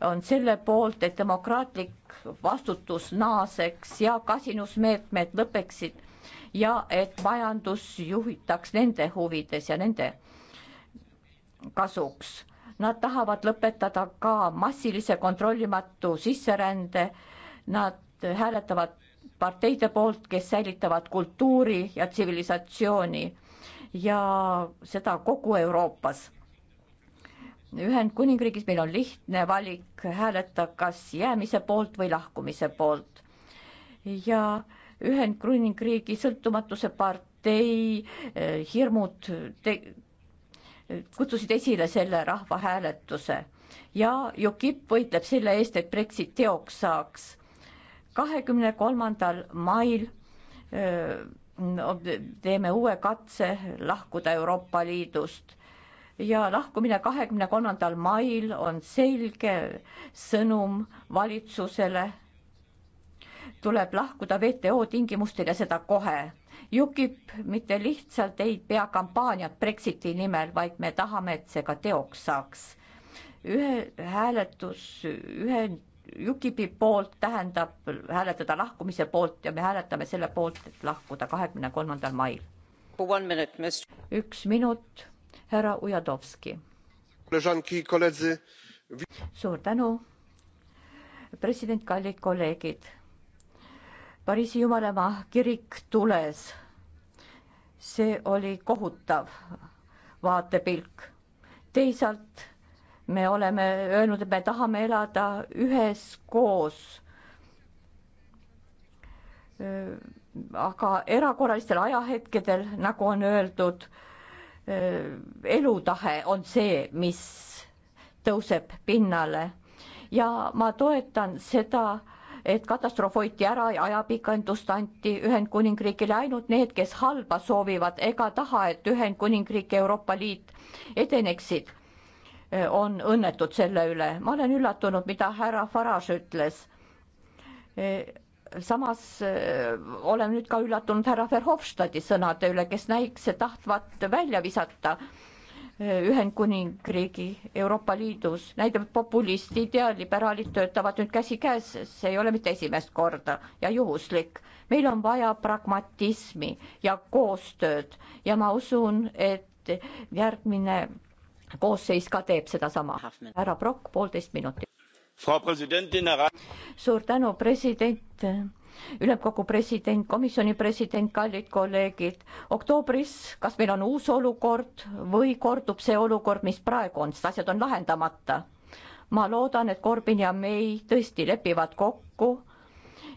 Speaker 2: on selle poolt, et demokraatlik vastutus naaseks ja kasinusmeetmed lõpeksid ja et majandus juhitaks nende huvides ja nende kasuks. Nad tahavad lõpetada ka massilise kontrollimatu sisserände. Nad hääletavad parteide poolt, kes säilitavad kultuuri ja tsivilisatsiooni ja seda kogu Euroopas Ühendkuningriigis meil on lihtne valik hääleta kas jäämise poolt või lahkumise poolt. ja Ühendkuningriigi sõltumatuse partei eh, hirmud te-, kutsusid esile selle rahvahääletuse ja UKIP võitleb selle eest, et Brexit teoks saaks. kahekümne kolmandal mail öö, eh, teeme uue katse lahkuda Euroopa Liidust ja lahkumine kahekümne kolmandal mail on selge sõnum valitsusele. tuleb lahkuda WTO tingimustel ja seda kohe. UKIP mitte lihtsalt ei pea kampaaniat Brexiti nimel, vaid me tahame, et see ka teoks saaks. ühe hääletus, ühe UKIP-i poolt tähendab hääletada lahkumise poolt ja me hääletame selle poolt, et lahkuda kahekümne kolmandal mail. üks minut härra Ujadovski. suur tänu. president, kallid kolleegid. Pariisi Jumalamaa kirik tules. see oli kohutav vaatepilk. teisalt me oleme öelnud, et me tahame elada üheskoos aga erakorralistel ajahetkedel, nagu on öeldud, Äh, elutahe on see, mis tõuseb pinnale ja ma toetan seda, et katastroof hoiti ära ja ajapikendust anti Ühendkuningriigile ainult need, kes halba soovivad ega taha, et Ühendkuningriik ja Euroopa Liit edeneksid, äh, on õnnetud selle üle. ma olen üllatunud, mida härra Farage ütles äh, samas äh, olen nüüd ka üllatunud härra Verhofstadti sõnade üle, kes näikse tahtvat välja visata äh, Ühendkuningriigi Euroopa Liidus. näitab, et populistid ja liberaalid töötavad nüüd käsikäes, see ei ole mitte esimest korda ja juhuslik. meil on vaja pragmatismi ja koostööd ja ma usun, et järgmine koosseis ka teeb sedasama. härra Prokk, poolteist minutit suur tänu, president, ülemkogu president, komisjoni president, kallid kolleegid. oktoobris, kas meil on uus olukord või kordub see olukord, mis praegu on, sest asjad on lahendamata. ma loodan, et Corbyn ja May tõesti lepivad kokku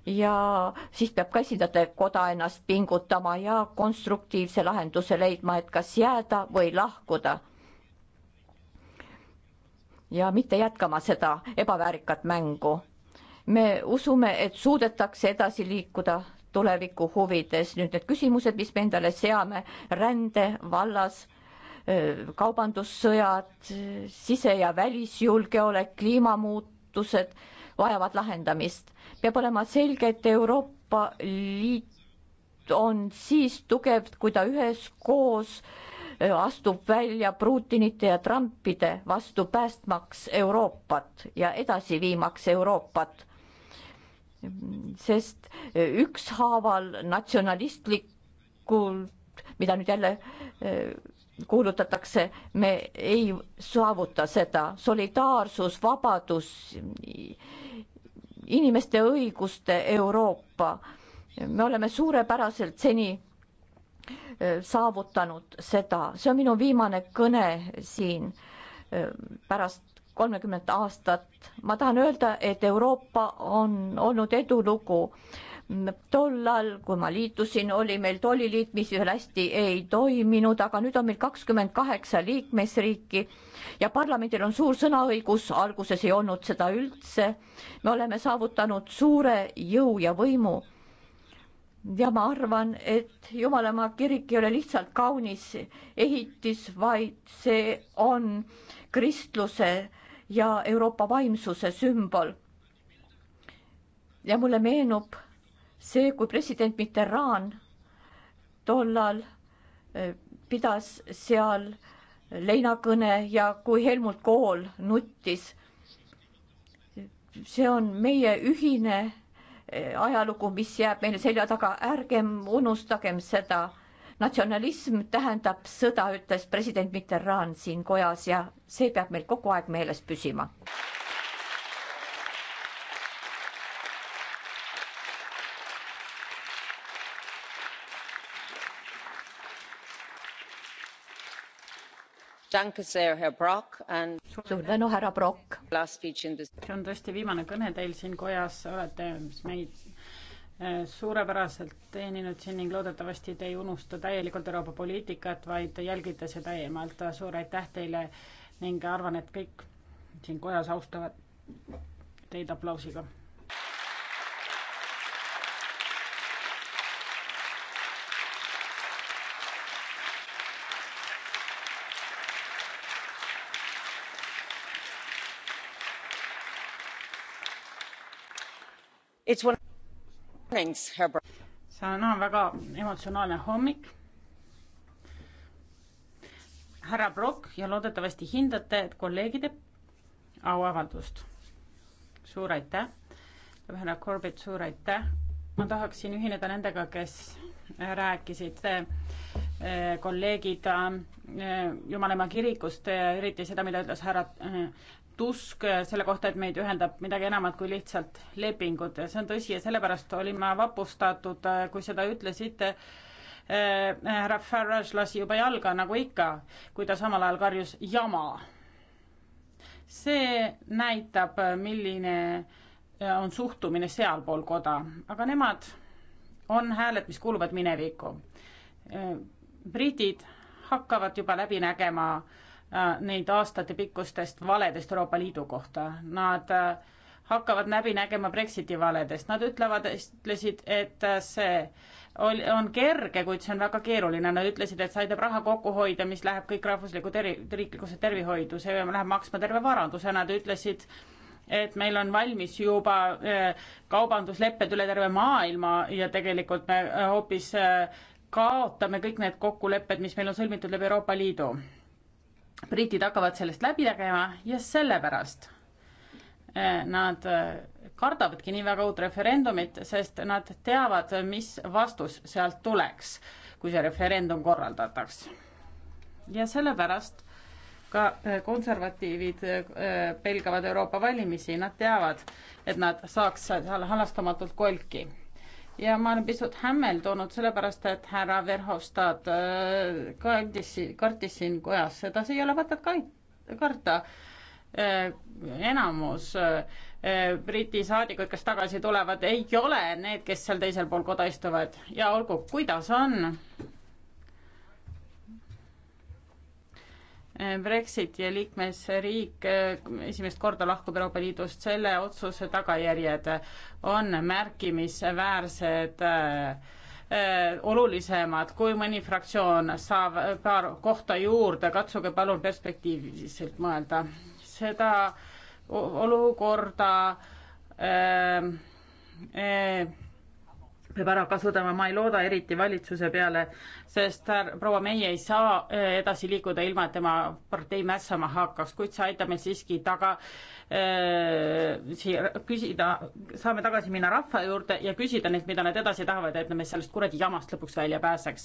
Speaker 2: ja siis peab ka esindajate koda ennast pingutama ja konstruktiivse lahenduse leidma, et kas jääda või lahkuda ja mitte jätkama seda ebaväärikat mängu. me usume, et suudetakse edasi liikuda tuleviku huvides. nüüd need küsimused, mis me endale seame rände vallas, kaubandussõjad, sise- ja välisjulgeolek, kliimamuutused vajavad lahendamist. peab olema selge, et Euroopa Liit on siis tugev, kui ta üheskoos äh, astub välja Putinite ja Trumpide vastu, päästmaks Euroopat ja edasi viimaks Euroopat. sest ükshaaval natsionalistlikult, mida nüüd jälle eh, kuulutatakse, me ei saavuta seda, solidaarsus, vabadus, inimeste õiguste Euroopa, me oleme suurepäraselt seni Eh, saavutanud seda, see on minu viimane kõne siin eh, pärast kolmekümmet aastat. ma tahan öelda, et Euroopa on olnud edulugu. tollal, kui ma liitusin, oli meil tolliliit, mis veel hästi ei toiminud, aga nüüd on meil kakskümmend kaheksa liikmesriiki ja parlamendil on suur sõnaõigus, alguses ei olnud seda üldse. me oleme saavutanud suure jõu ja võimu ja ma arvan, et Jumalamaa kirik ei ole lihtsalt kaunis ehitis, vaid see on kristluse ja Euroopa vaimsuse sümbol. ja mulle meenub see, kui president Mitterrand tollal eh, pidas seal leinakõne ja kui Helmut Kool nuttis. see on meie ühine Eh, ajalugu, mis jääb meile selja taga, ärgem unustagem seda. natsionalism tähendab sõda, ütles president Mitterrand siin kojas ja see peab meil kogu aeg meeles püsima.
Speaker 1: suur tänu, härra Brock. see on tõesti viimane kõne teil siin kojas, olete meid äh, suurepäraselt teeninud siin ning loodetavasti te ei unusta täielikult Euroopa poliitikat, vaid jälgite seda eemalt. suur aitäh teile ning arvan, et kõik siin kojas austavad teid aplausiga täna on väga emotsionaalne hommik härra Brock ja loodetavasti hindate kolleegide auavaldust. suur aitäh, härra Corbett, suur aitäh. ma tahaksin ühineda nendega, kes rääkisid eh, kolleegid eh, Jumalamaa kirikust, eh, eriti seda, mida ütles härra Tusk selle kohta, et meid ühendab midagi enamat kui lihtsalt lepingud, see on tõsi ja sellepärast olin ma vapustatud, kui seda ütlesite äh,. härra Farage lasi juba jalga, nagu ikka, kui ta samal ajal karjus jama. see näitab, milline on suhtumine sealpool koda, aga nemad on hääled, mis kuuluvad minevikku. Eh, britid hakkavad juba läbi nägema äh, Äh, neid aastatepikkustest valedest Euroopa Liidu kohta. Nad äh, hakkavad läbi nägema Brexiti valedest, nad ütlevad, ütlesid, et äh, see oli, on kerge, kuid see on väga keeruline, nad ütlesid, et see aitab raha kokku hoida, mis läheb kõik rahvusliku tervi, riiklikusse tervihoidu, see läheb maksma terve varanduse, nad ütlesid, et meil on valmis juba kaubanduslepped üle terve maailma ja tegelikult me hoopis kaotame kõik need kokkulepped, mis meil on sõlmitud läbi Euroopa Liidu britid hakkavad sellest läbi nägema ja sellepärast eh, nad eh, kardavadki nii väga uut referendumit, sest nad teavad, mis vastus sealt tuleks, kui see referendum korraldataks. ja sellepärast ka eh, konservatiivid pelgavad Euroopa valimisi, nad teavad, et nad saaks seal halastamatult kolki ja ma olen pisut hämmeldunud, sellepärast et härra Verhofstadt äh, kandis, kartis siin kojas seda, see ei ole vaata ka karta. Äh, enamus äh, Briti saadikuid, kes tagasi tulevad, ei ole need, kes seal teisel pool koda istuvad ja olgu, kuidas on Brexit ja liikmesriik eh, esimest korda lahkub Euroopa Liidust, selle otsuse tagajärjed on märkimisväärsed eh, olulisemad, kui mõni fraktsioon saab paar kohta juurde, katsuge palun perspektiiviliselt mõelda. seda olukorda äh, äh, peab ära kasutama, ma ei looda eriti valitsuse peale, sest proua Meie ei saa eh, edasi liikuda ilma, et tema partei mässama hakkaks, kuid see aitab meil siiski taga äh, siia küsida, saame tagasi minna rahva juurde ja küsida neilt, mida nad edasi tahavad, et me sellest kuradi jamast lõpuks välja pääseks.